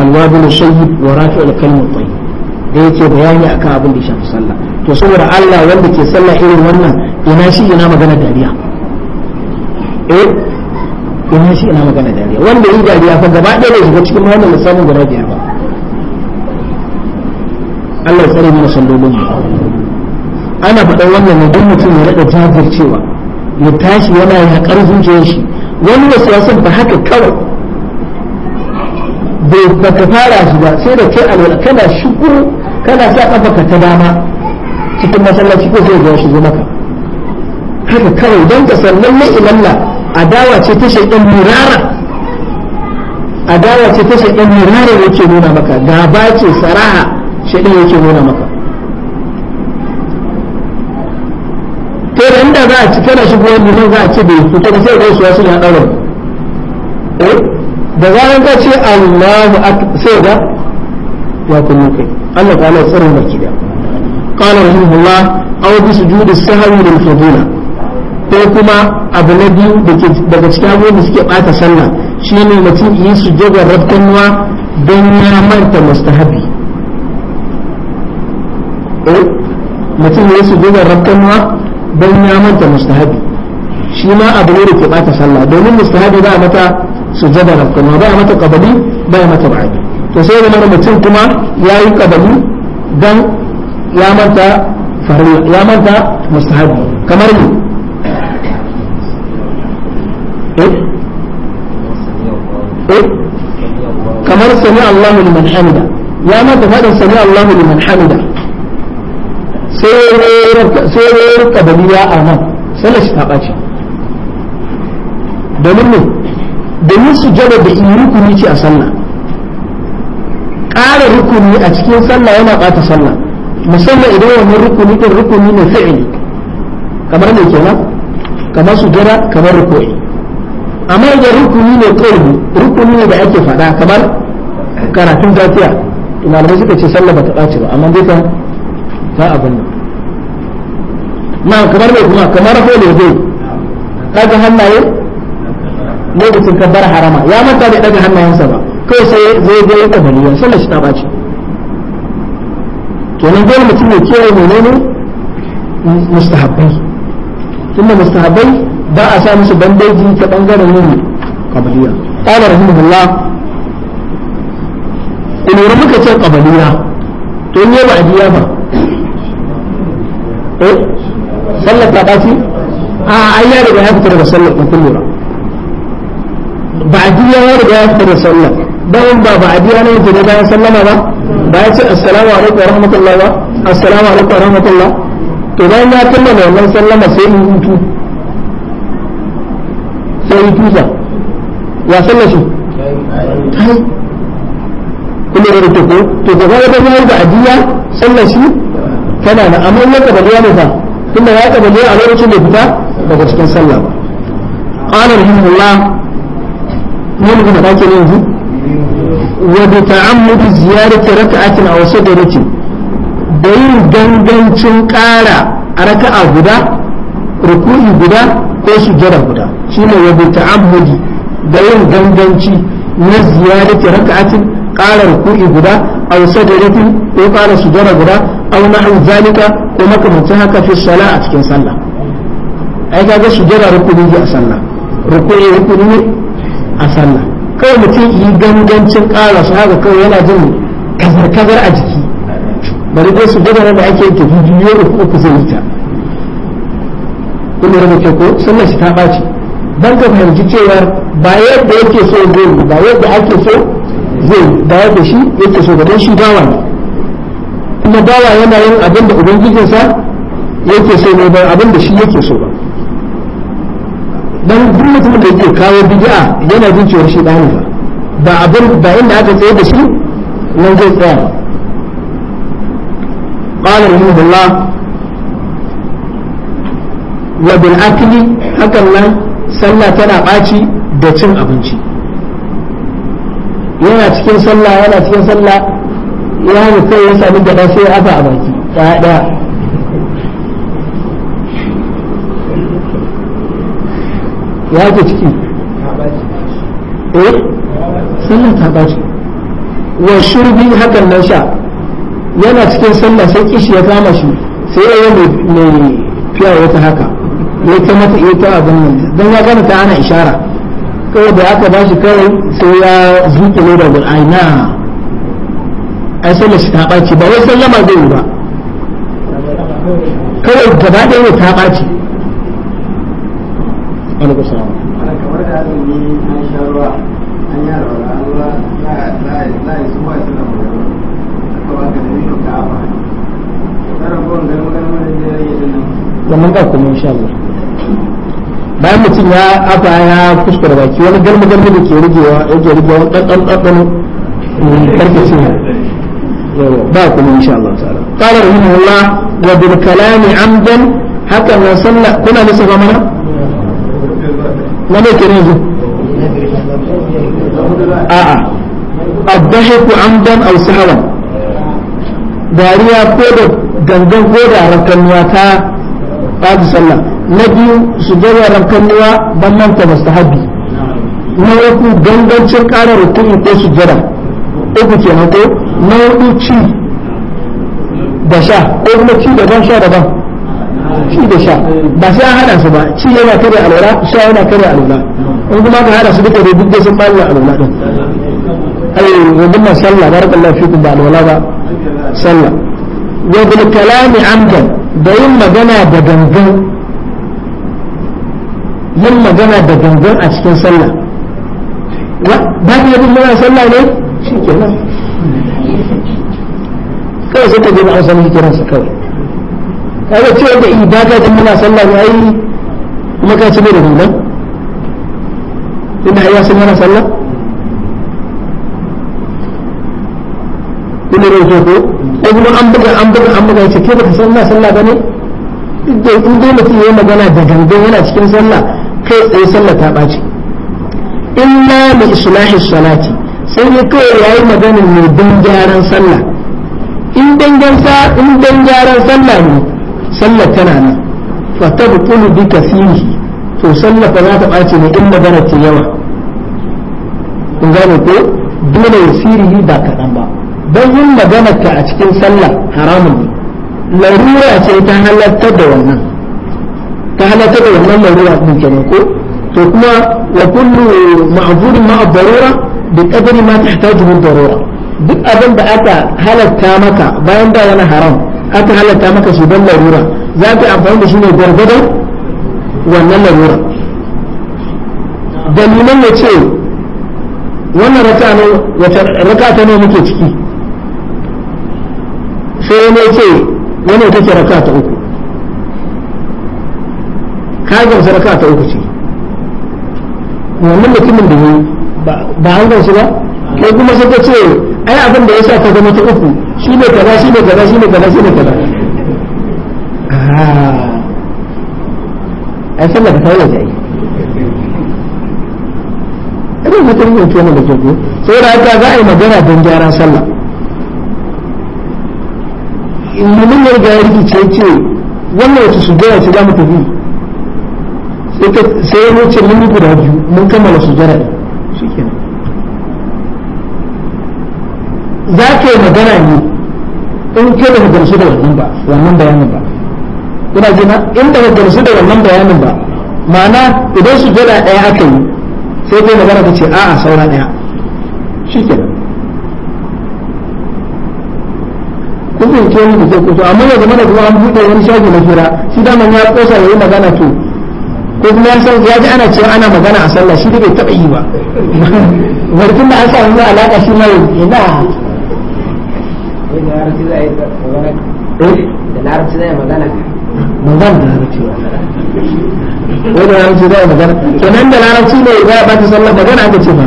alwabul shayyid wa rafi'ul kalimat tayyib da yake bayani akan abin da shafi sallah to saboda Allah wanda ke sallah irin wannan ina shi ina magana dariya eh ina shi ina magana dariya wanda yi dariya fa gaba ɗaya da shiga cikin wannan lissafin guda biyar ba Allah ya tsare mana sallolin mu ana faɗan wannan ne don mutum ya rika jajircewa ya tashi yana yaƙar zuciyar shi wani da siyasan ba haka kawai ba ka fara shi ba sai da kai alwala kana shukuru kana sa kafa ka ta dama cikin masallaci ko zai ga shi zo maka haka kawai don ka sannan ne ilalla adawa ce ta shaidan murara adawa ce ta shaidan murara yake nuna maka gaba ce saraha shaidan yake nuna maka da inda za a ci kana shigo wanda nan za a ce bai fito ba sai ga su wasu ya daura eh? da zaran ka ce Allahu akbar sai ga ya kuma kai Allah ta ala tsirin baki da qala rahimahullah aw bi sujudi sahwi lil fadila ko kuma abu na biyu daga cikin abubuwan da suke bata sallah shine mutum yi sujudar rabbanwa don ya manta mustahabi eh? mutum ya sujudar rabbanwa don ya manta mustahabi shi ma abu ne da ke bata sallah domin mustahabi ba mata sujada rafkana ba mata kabali ba mata ba'adi to sai da mutum kuma ya yi kabali don ya manta ya manta mustahabi kamar ne eh? eh? kamar sami Allahu liman hamida ya fadin sami Allahu liman hamida sai ya rika da niyya a nan sallar shi ta ɓaci domin ne domin su jada da in rukuni ce a sallah ƙara rukuni a cikin sallah yana ɓata sallah musamman idan wannan rukuni ɗin rukuni ne fi'ili kamar ne kenan kamar su jada kamar rukuni amma idan rukuni ne ƙorbi rukuni ne da ake faɗa kamar karatun tafiya malamai suka ce sallah ba ta ɓaci ba amma dai ta abin nan na kamar mai kuma kamar holo zai ɗaga hannaye lokacin kabbar harama ya manta da ɗaga hannayensa ba kai sai zai ga yadda baliya sallar shi ta ɓaci kenan dole mutum ya kiyaye menene mustahabbai tunda mustahabbai ba a sa musu bandeji ta bangaren yin qabliya qala rahimahullah in wuri muka ce qabliya to ne ba a biya ba eh sallar ta ɓaci a ai ya ya fita daga sallar ba kun lura ba'di ya riga ya fita daga sallar dan ba ba'di ya ne da bayan sallama ba ba ya ce assalamu alaikum wa rahmatullah ba assalamu alaikum wa rahmatullah to bayan ya kammala wannan sallama sai in hutu sai yi tusa ya sallar shi kai kuma da ko to gaba da bayan ba'diya sallar shi tana da amma in ya kabaliya ne fa tunda ya kabaliya a lokacin da fita daga cikin sallah ba qala rahimullah ne mun da kake yanzu wa bi ta'ammud ziyarati rak'atin aw sadaratin da yin gangancin ƙara a raka'a guda ruku'i guda ko su sujjada guda shine wa bi ta'ammudi da yin ganganci na ziyarati raka'atin ƙara ruku'i guda aw sajaratin ko kara sujjara guda auna na'u zalika ko makamancin haka fi sala a cikin sallah ai kaga sujjara rukuni a sallah rukuni rukuni a sallah kawai mutum yi gangancin kara su haka kawai yana jin kazar-kazar a jiki bari dai sujjara da ake ta bidiyo uku zai yi ta kuma rubuce ko sallar shi ta ɓaci ban ka fahimci cewa ba yadda yake so zai ba yadda ake so zai bayar da shi yake so gaban shi dawa ne kuma dawa yana yin abin da ubangijinsa yake so ne ba abin da shi yake so ba dan duk mutumin da yake kawo bid'a yana jin cewa shi dani ba ba abin ba inda aka tsaye da shi nan zai tsaya ba قال رحمه الله وبالأكل هكذا صلى تنا قاتي دتشن أبنشي yana cikin sallah yana cikin sallah ya hana kai ya sami gaba sai ya afa a baki ɗaya ɗaya ya ke ciki eh sallah ta ɓaci wa shurbi hakan nan sha yana cikin sallah sai kishi ya kama shi sai ya yi mai fiya wata haka ya ta mata ya abin nan don ya gane ta ana ishara kawai da aka ba shi kawai sai ya zuke ne da qur'ani na ai sallar shi ta ɓaci ba wai sallama zai ba kawai gaba ɗaya ne ta ɓaci kamar ga kuma insha Allah bayan mutum ya afa ya kuskura baki wani garma garma da ke rigewa yake rigewa ɗanɗan ɗanɗan karkacin ba kuma insha Allah ta'ala qala rahimahullah wa bil kalami amdan haka na sallah kuna lissafa mana wani kire yanzu a'a ad amdan aw dariya ko da gangan ko da rakanwa ta ba sallah na biyu su jira rankanniya ban manta mustahabi na uku gangancin ƙara rukuni ko su jira uku kenan ko na hudu ci da sha ko kuma ci da ban sha daban, ci da sha ba sai an hada su ba ci yana kare alwala sha yana kare alwala in kuma ka hada su duka da duk da sun bani alwala din ai rubun nan sallah barakallahu fikum ba alwala ba sallah wa bil kalami amdan da yin magana da gangan yin magana da gangan a cikin sallah ba sallah ne shi kawai sai na an sami kawai cewa da muna sallah ne ai kuma ka ci da ina ya san sallah ko kuma an buga an buga an buga ya ce ke ba sallah ba ne in magana da gangan yana cikin sallah kai tsaye sallah ta ɓaci illa li islahi salati sai ne kawai yayi magana ne don gyaran sallah in dan gyaran in dan gyaran sallah ne sallah tana nan fa tabqulu bi kasihi to sallah fa za ta ɓaci ne in magana ce yawa kun gane ko dole yasirihi ba kaɗan ba don yin magana ka a cikin sallah haramun ne larura ce ta halartar da wannan فهل تدعو أن الله هو أبن جنكو تقوى وكل معذور مع الضرورة بقدر ما تحتاج من ضرورة بأذن بأتا هل التامك بأن وانا حرام أتا هل التامك سبن لرورة ذاك أفهم بشنة بردد وأن الله هو دليل من يتشعي وانا ركعتني ركعتني مكتشكي سيما يتشعي وانا ركعتني ka gamsu raka ta uku ce wannan mutumin da ne ba an gamsu ba kai kuma sai ta ce ai abin da ya sa ka zama ta uku shi ne kaza shi ne kaza shi ne kaza shi ne kaza ai sallah ta tawaye zai yi irin mutum ne ke da kyau sai da haka za a yi magana don gyaran sallah in Mun yi riga ya rikice ce wannan wata shugaba ce za mu tafi ita sai ya wuce mun guda biyu mun kammala su jarabi shikenan za ka yi magana ne in ke da gamsu da wannan ba wannan bayanin ba ina jina in da gamsu da wannan bayanin ba ma'ana idan su jira ɗaya aka yi sai kai magana ta ce a'a saura ɗaya shikenan kun fahimce ni da ke kuto amma ya zama da kuma an buɗe wani shago na fira shi daman ya ƙosa ya yi magana to ko kuma ya san ya ji ana cewa ana magana a sallah shi da bai taɓa yi ba wajen da an samu zuwa alaƙa shi mai ina eh? da larabci zai magana magana da larabci da larabci zai magana kenan da larabci ne za a ta sallah magana aka ce ba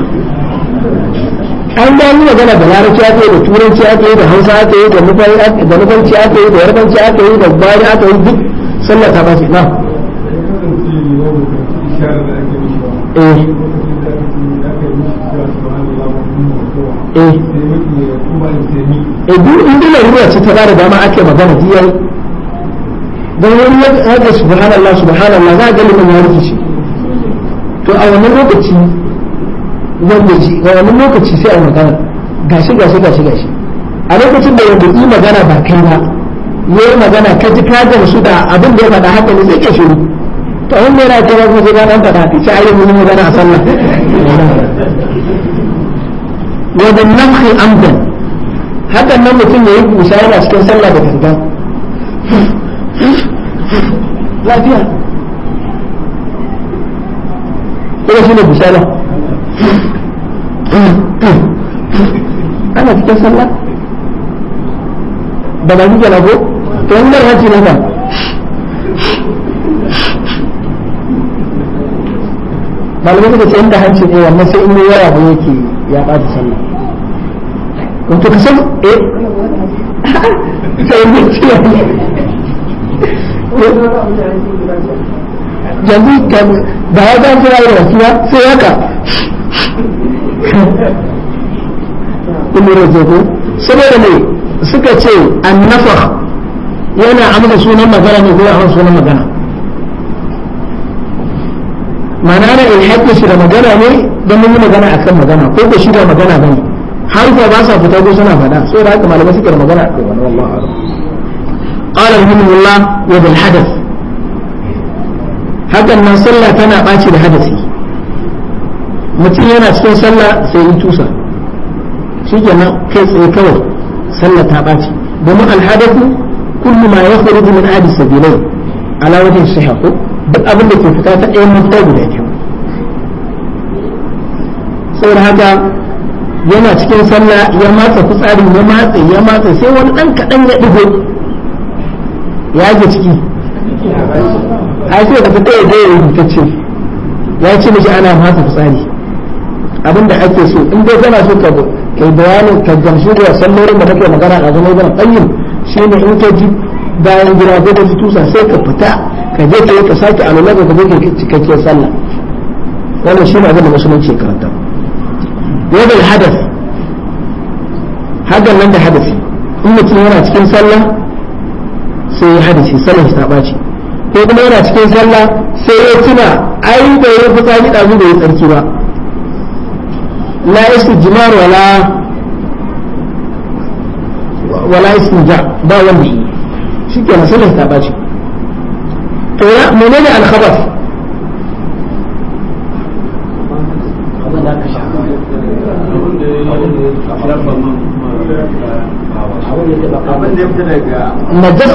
an ba yi magana da larabci aka yi da turanci aka yi da hausa aka yi da nufanci aka yi da yarbanci aka yi da gbari aka yi duk sallah ta ba ce na eh eh duk inda larura ce ta bada dama ake magana diyar don wani ya ga subhanallah subhanallah za a ga liman ya shi? to a wannan lokaci wanda ji a wannan lokaci sai a magana gashi gashi gashi gashi a lokacin da wanda yi magana ba kai ba ya yi magana ka ji ka gamsu da abin da ya faɗa haka ne sai ke shiru to in ne na ce ba kuma sai ka dan fada sai ayi mun magana a sallah wa da nafhi amdan haka nan mutum ya yi kusa yana cikin sallah da ganga lafiya kuma shi ne busala ana cikin sallah da ba ni gana ko to in garhaci na ba malamai da ce da ne wannan sai in yawa ne yake ya sallah eh. wato ka san eh sai ne yanzu ba ya zan da wasu sai haka kuma rajabu saboda ne suka ce annafa yana amsa sunan magana ne ko ya amsa sunan magana mana ana ilhaƙin shi da magana ne don mun yi magana a kan magana ko ko shi da magana ba ne har ko ba sa fita ko suna faɗa so da haka malamai suke da magana a kan wani wallahu a'lam qala rahimahullah wa bil hadath hakan nan sallah tana ɓaci da hadasi mutum yana cikin sallah sai in tusa shikenan kai tsaye kawai sallah ta ɓaci domin alhadathu kullu ma yakhruju min ahadi sabilai ala wajhi sahih duk abin da ke fita ta ɗaya mafita guda biyu saboda haka yana cikin sallah ya matsa fitsari ya matsa ya matsa sai wani ɗan kaɗan ya ɗigo ya ga ciki a yi ka fita ya ɗaya rubutacce ya ce mishi ana matsa fitsari abin da ake so in dai kana so ka kai bayanin ka gamsu da sallolin da kake magana a zama ibn qayyim shine in ka ji bayan gida da tusa sai ka fita ka je ka yi ka sake alwala ka je ka yi cikakken sallah wannan shi ne abin da musulunci karanta wadal hadas hakan nan da hadasi in mutum yana cikin sallah sai ya hadasi sallah ta ɓaci ko kuma yana cikin sallah sai ya tuna ai da ya fitsari ɗazu da ya tsarki ba la istijmar wala wala ja ba wanda yi shi kenan sallah ta ɓaci to ya menene alkhabas najasa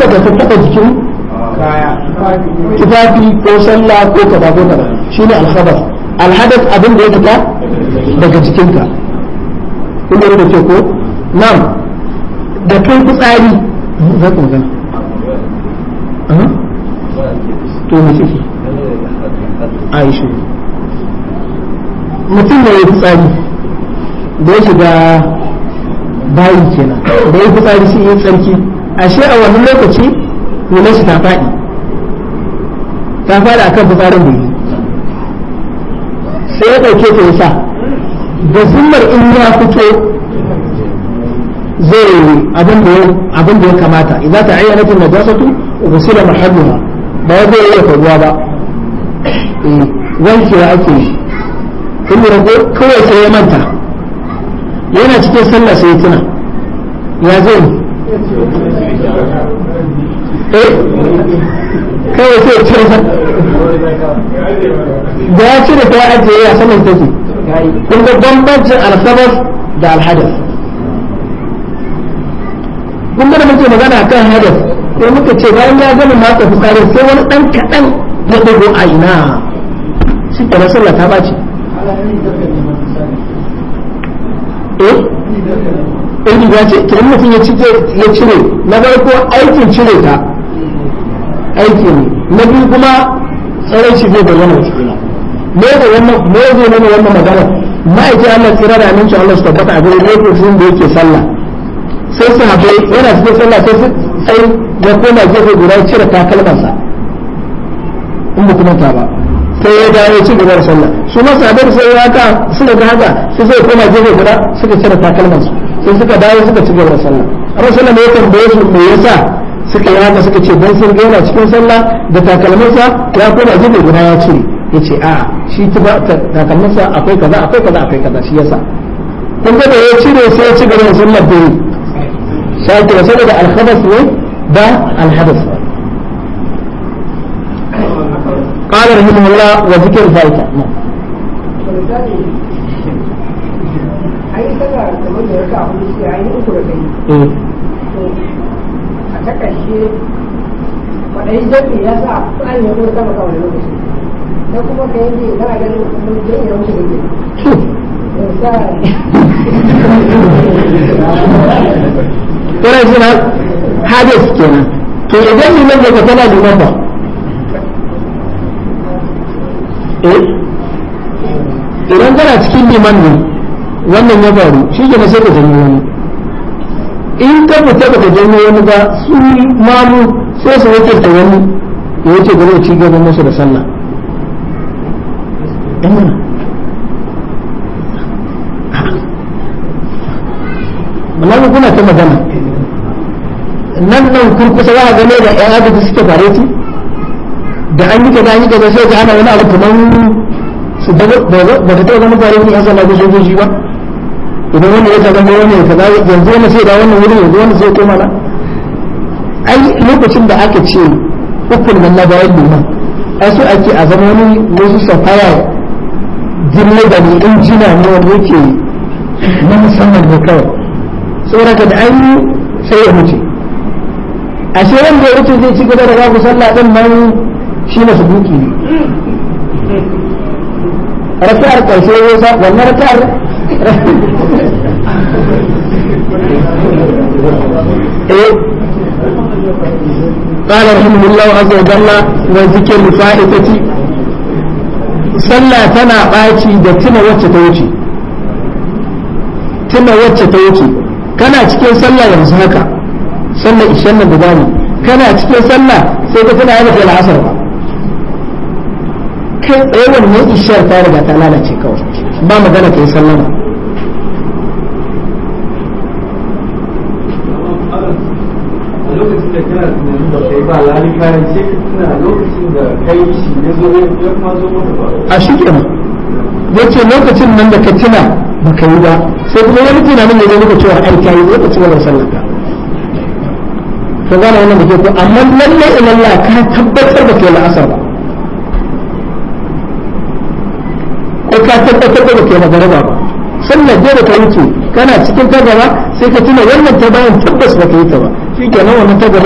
da ta taɓa jikin tufafi ko sallah ko kaza ko kaza shine alkhabas alhadas abin da ya fita daga jikinka kuma da ke ko nan da kai fitsari zai magana to mu ciki aishu mutum ne ya fitsari da ya shiga bayi kenan da ya fitsari shi ya tsarki ashe a wannan lokaci hular shi ta faɗi ta faɗi akan fitsarin da yi sai ya ɗauke ta yasa da zimmar in ya fito zai abin da ya kamata idan ta ayyana najasatu ghusila mahalluha ba zai iya ruwa ba eh, wanke ya ake yi kun lura ko kawai sai ya manta yana cikin sallah sai ya tuna ya zai eh kawai sai ya cire sa da ya cire ta ajiye ya saman take kun ga bambancin alfabar da alhadas kun da muke magana kan hadas sai muka ce bayan ya gama matsa fukari sai wani dan kaɗan na ɗago a ina shi ke na sallah ta ɓaci eh in eh, ba ce to in mutum ya cire ya cire na farko aikin cire ta aiki ne na biyu kuma tsaron shi zai bayyana wa cikin me da wannan me zai nuna wannan magana ma'aikin Allah tsira da aminci Allah su tabbata a gurin lokacin da yake sallah sai su haɓe yana cikin sallah sai su tsaye ya koma gefe guda ya cire takalmansa in kuma ta ba sai ya dawo ci gaba da sallah su ma sabar sai ya ta suka ga haka sai sai koma gefe guda suka cire takalmansu sai suka dawo suka ci gaba da sallah rasulullah ne ya tambaye su me yasa suka yi haka suka ce dan sun ga yana cikin sallah da takalmansa ya koma gefe guda ya cire ya ce a shi takalmansa akwai kaza akwai kaza akwai kaza shi yasa kun ga da ya cire sai ya ci gaba da sallah bai shi saboda alkhabas ne ba alhadas ba قال رحمه الله وذكر ذلك نعم Tana hadis kenan to idan nan da tana da mata eh idan kana cikin liman ne wannan ya faru shi ke na sai ka wani in ka fita ka janyo wani ba su mamu sai su wake ta wani ya wuce gaba ci gaba musu da sallah eh Malamu kuna ta magana nan nan kusa za a gane da ƴan agaji suke fareti da an yi kaza an yi kaza sai ga ana wani abu kamar su ba ka taɓa zama fareti yan sanda ko sojoji ba idan wani ya zama wani ya kaza yanzu wani sai da wannan wurin yanzu wani sai koma na ai lokacin da aka ce ukun nan na bayan liman ai so ake a zama wani wasu safaya jimle da ne injina ne wanda yake na musamman ne kawai saboda da an yi sai ya mutu ashe wanda ya wuce zai ci gaba da babu sallah din nan shi na subuki ne raka'ar karshe ya sa wannan raka'ar قال رحمه الله عز وجل وذكر الفائتة sallah tana ɓaci da tuna wacce ta wuce tuna wacce ta wuce kana cikin sallah yanzu haka sallar ishan nan da zamu kana cikin sallah sai ka tana yana da asar ba kai tsaye mai ishar ta riga ta lalace kawai ba magana kai ba. a shi Ya ce lokacin nan da ka tuna ba ka yi ba sai kuma wani nan da zai muka cewa ai kai zai ka ci gaba sallar ka ka gane wannan da ke ko amma lalle ilallah ka tabbatar da ke la'asar ba ko ka tabbatar da ke magariba ba sannan da ka wuce kana cikin ta sai ka tuna wannan ta bayan tabbas ba ka yi ta ba shi kenan wannan ta ta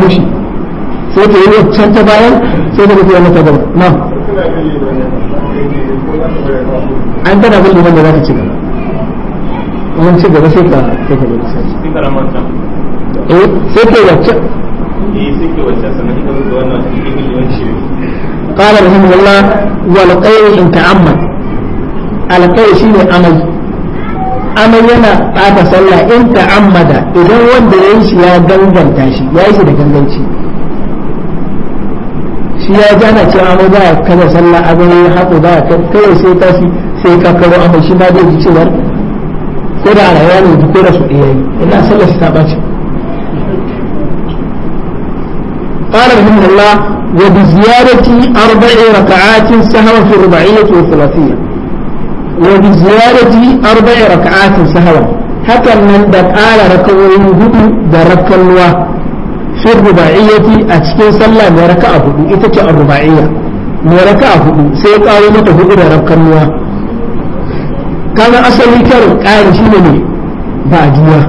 gushi sai ka yi wancan ta sai ka tafi wannan ta na an tana bin liman za ka ci gaba wani ci gaba sai ka tafi da kusa eh sai ke wacce قال رحمه الله والقيل إن تعمد القيل شيء عمل عمل ينا بعد صلى إن تعمد إذا وند يعيش يا جنجن تاشي يعيش ده جنجن شيء shi ya ji ana cewa amai ba kada sallah abin ya haƙo ba kawai sai tashi sai ka amai shi ma zai cewar ko da a rayuwa ne ko su ɗaya yi ina sallar shi ta ɓaci قال رحمه الله وبزيادة أربع ركعات سهوا في الرباعية والثلاثية وبزيادة أربع ركعات سهوا حتى من دقال ركوين هدو درك الله في الرباعية أتكين صلى مركع هدو إتكى الرباعية مركع هدو سيقال متى هدو درك الله كان أصلي كرم قال شنو بعدية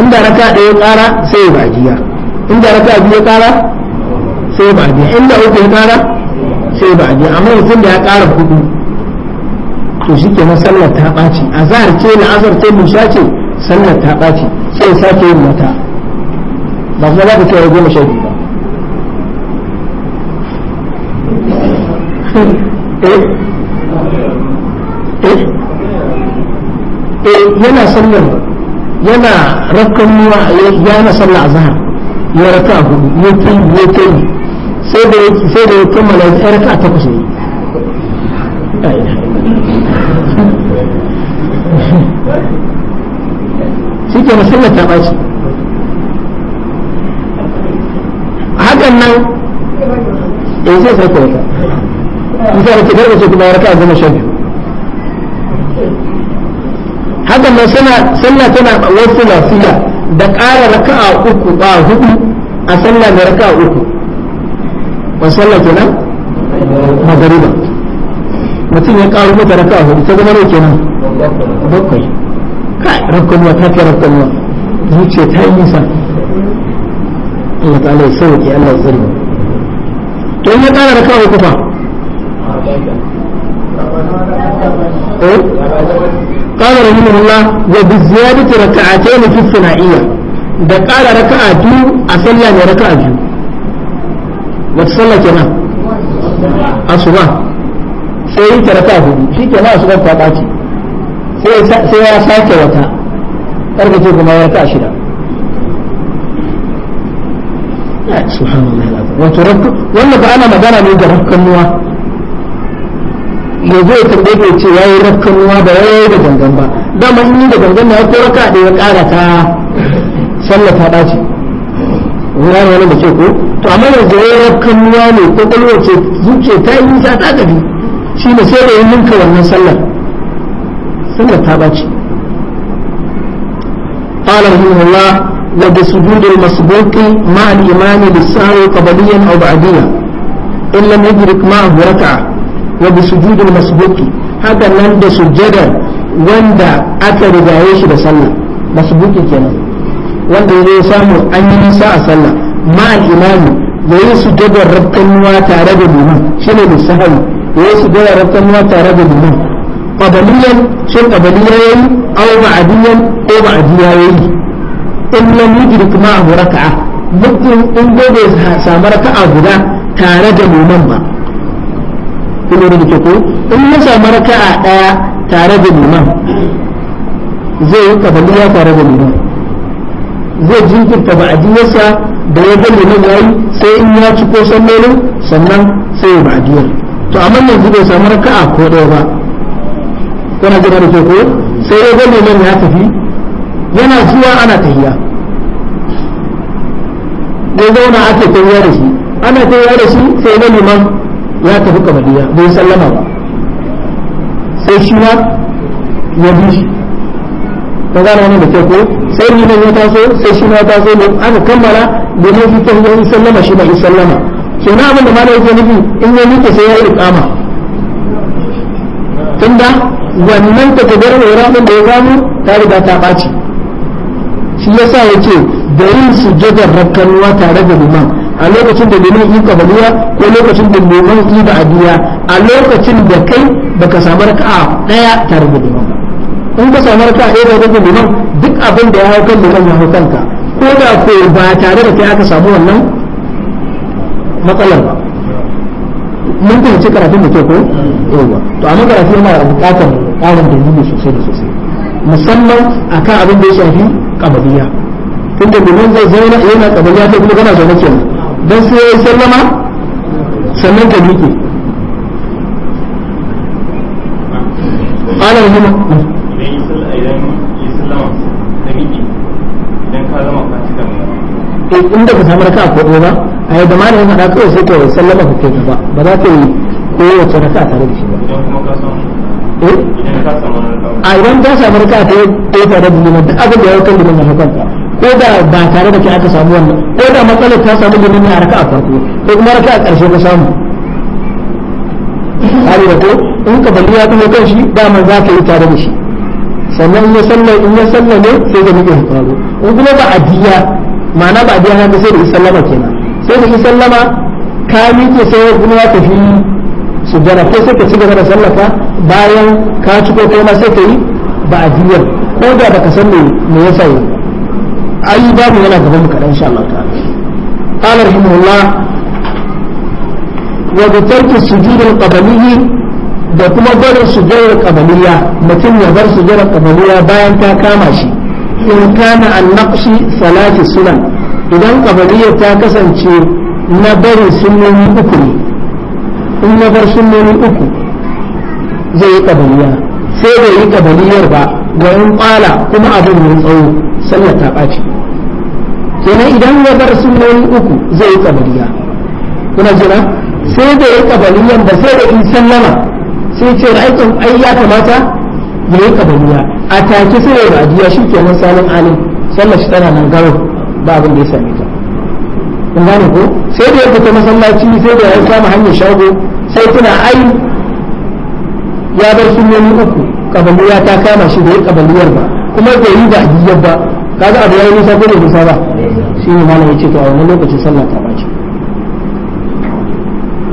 عند ركع إيه قال سيبعدية inda raka biyu ya kara sai ba biya inda uku ya kara sai ba biya amma yanzu da ya kara hudu to shi ke sallar ta ɓaci azhar ce na azhar ce musa ce sallar ta ɓaci sai ya sake yin mata ba kuma za ka ce goma sha biyu ba eh, eh, eh, yana sallar yana ya yana sallar azhar ya raka hudu ya kai ya kai sai da sai da ya kammala ya raka shi ke musamman ta ɓaci hakan nan eh, sai kawai ta karɓa ce kuma ya raka goma shan biyu hakan nan sallah tana wasu lafiya da ƙara raka'a uku ba hudu a sallah da raka'a uku wa sallah kenan magariba mutum ya ƙaru mata raka'a hudu ta zama nan bakwai kai rakkanuwa ta kai rakkanuwa zuciya ta yi nisa Allah ta'ala ya sauke Allah ya zarba to in ya ƙara raka'a uku fa eh? قال رحمه الله وبزيادة ركعتين في الثنائية ده قال ركعة جو أصلى ركعة جو وتصلى كنا أصبح sai ta raka hudu shi ke na asubar ta ɓaci sai ya sake wata ƙarfafe kuma ya raka shida subhanallah wato wannan ba ana magana ne ga rakkanuwa ya zo ya tambaye ka ce yi rakkan ruwa ba yi da gangan ba dama in yi da gangan ya kora ka da ya ƙara ta sallah ta dace wani wani da ke ko to amma zai yi rakkan ruwa ne ko kwakwalwa ce zuke ta yi nisa ta gabi shi ne sai da yi ninka wannan sallar sallar ta dace قال رحمه الله وبسجود المسبوق مع الإمام بالسهو قبليا أو بعديا إن لم يدرك معه ركعة wa bi sujudil masbuqi haka nan da sujjadar wanda aka rigaye shi da sallah masbuqi kenan wanda ya samu an yi nisa a sallah ma al imami ya yi sujjadar rabkanuwa tare da liman shine misahawi ya yi sujjadar rabkanuwa tare da liman qadaliyan shin qadaliya yayi aw ba'diyan ko in raka'a mutum in gobe samu raka'a guda tare da liman ba kuma da ke ko in ya samu raka'a daya tare da liman zai yi kabaliya tare da liman zai jinkirta ba'adiyarsa da ya ga liman yayi sai in ya ci ko sallolin sannan sai ya ba'adiyar to amma yanzu bai samu raka'a ko daya ba kana jira da ke ko sai ya ga liman ya tafi yana zuwa ana tahiya ya zauna ake tahiya da shi ana tahiya da shi sai na liman ya tafi kamadiya bai sallama ba sai shi ma ya bi shi ta gane wani da ke ko sai ni ya taso sai shi ma ya taso ne aka kammala domin shi ta yi sallama shi ba yi sallama na abin da ma yake nufi in ya miƙe sai ya yi iqama tunda wannan takardar iramin da ya samu ta riga ta ɓaci shi ya sa ya ce da yin sujjadar rakkanuwa tare da liman a lokacin da liman yi kabaliya ko lokacin da liman yi da adiya a lokacin da kai baka samu raka'a daya tare da liman in ka samu raka'a daya tare da liman duk abin da ya hau kan liman ya hau kanka ko da ko ba tare da kai aka samu wannan matsalar ba mun fahimci karatun da ke ko yawa to amma karatu yana bukatar ƙarin dalili sosai da sosai musamman akan abin da ya shafi kabaliya tunda domin zai zauna yana kabaliya ta kuma kana zaune kenan don sai yayi sallama sannan ka miƙe ala muhimma idan ka zama ka ci da mu in da ka samu raka ba a yadda ma da yin haɗa kawai sai ka sallama ka kai ba ba za ka yi kowace raka tare da shi ba. idan ka samu eh? raka ba. a idan ka samu raka ta yi tare da limanta abin da ya wakan limanta ka ko da ba tare da ke aka samu wannan ko da matsalar ta samu da nuna raka a farko ko kuma raka a ƙarshe ka samu hari da ko in ka bali ya kuma kan shi dama za ka yi tare da shi sannan in ya sallar in ya sallar ne sai da nuna tsaro in kuma ba adiya ma'ana ba adiya na sai da isallama kenan sai da isallama ka miƙe sai kuma ya tafi sujjana ko sai ka ci gaba da sallaka bayan ka ci ko kai ma sai ka yi ba adiyar ko da baka san me yasa yi ai babu yana gaban mu kaɗan insha Allah ta'ala قال رحمه الله وبترك السجود القبلي da kuma barin sujjadar kabaliya mutum ya bar sujjadar kabaliya bayan ta kama shi in kana an naqshi salati sunan idan kabaliya ta kasance na barin sunnoni uku ne in na bar sunnoni uku zai yi kabaliya sai bai yi kabaliyar ba wa in kwala kuma abin mai tsawo sallar ta ɓaci kenan idan ya bar sunnoni uku zai yi kabariya kuna jira sai da ya kabariyan ba sai da in sallama sai ce aikin ai ya kamata ya yi kabariya a take sai ya radiya shi kenan salon alim sallar shi tana nan gawar ba abin da ya same ta kun gane ko sai da ya fita masallaci sai da ya samu hanyar shago sai tuna ai ya bar sunnoni uku kabaliya ta kama shi da ya kabaliyar ba kuma bai yi bahiyya ba kaga abu yi nisa ko bai nisa ba shi ne malam yace to a sallah ta bace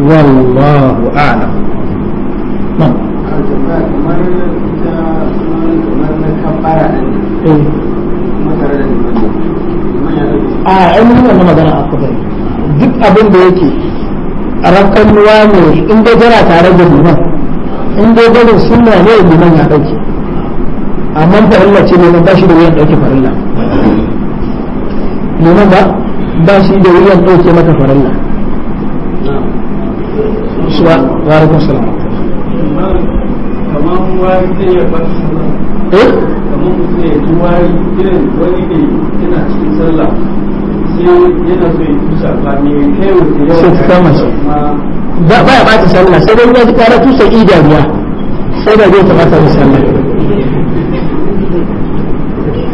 wallahu a'lam nan kamar a magana a duk abin da yake rakan ruwa ne in dai tare da liman in dai gudun ne liman ya ɗauke amma farilla ce neman ba shi da wuyan ɗauke farilla neman ba ba shi da wuyan ɗauke maka farilla suwa wa alaikun salam kamar wari zai ya bar sallah eh kamar mutum ya ji wari irin wani ne yana cikin sallah sai yana so ya tusa ba me kai wata yawa sai ta kama ba ya bata sallah sai dai ya ji tusa sai idaniya sai da zai ta bata sallah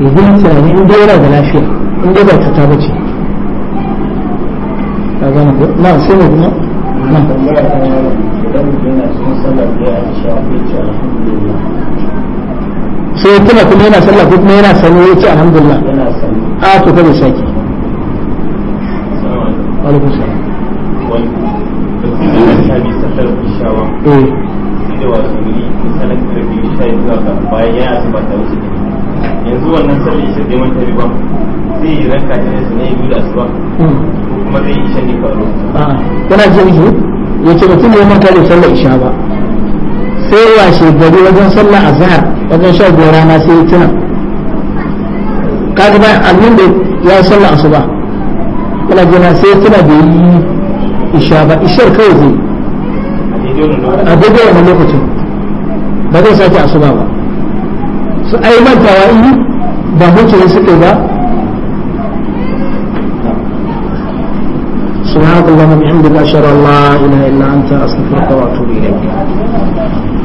yanzu na tunani in yana da lafiya in ba cuta ba ce ka gane ko na sai mu kuma na sai tuna kuma yana sallah ko kuma yana sanu ya ce alhamdulillah a to kada saki alaikum salam eh da wasu ne misalin karbi shayi zuwa bayan ya asibata wasu yanzu wannan sallar isha da yawan tare ba zai yi ranka ta yasu ne biyu da asuba hmm. kuma zai yi shan ne karo yana ah, jin ji ya ce mutum ya manta da sallar isha ba sai washe gari wajen sallar azhar wajen sha biyar rana sai ya tuna kaga ba annin da ya sallar asuba yana jina sai ya tuna da yi isha ba ishar kawai zai a daidai wannan lokacin ba zai sake asuba ba su ai mantawa ba mutane suke ba سبحانك اللهم وبحمدك أشهد أن لا إله إلا أنت أستغفرك وأتوب إليك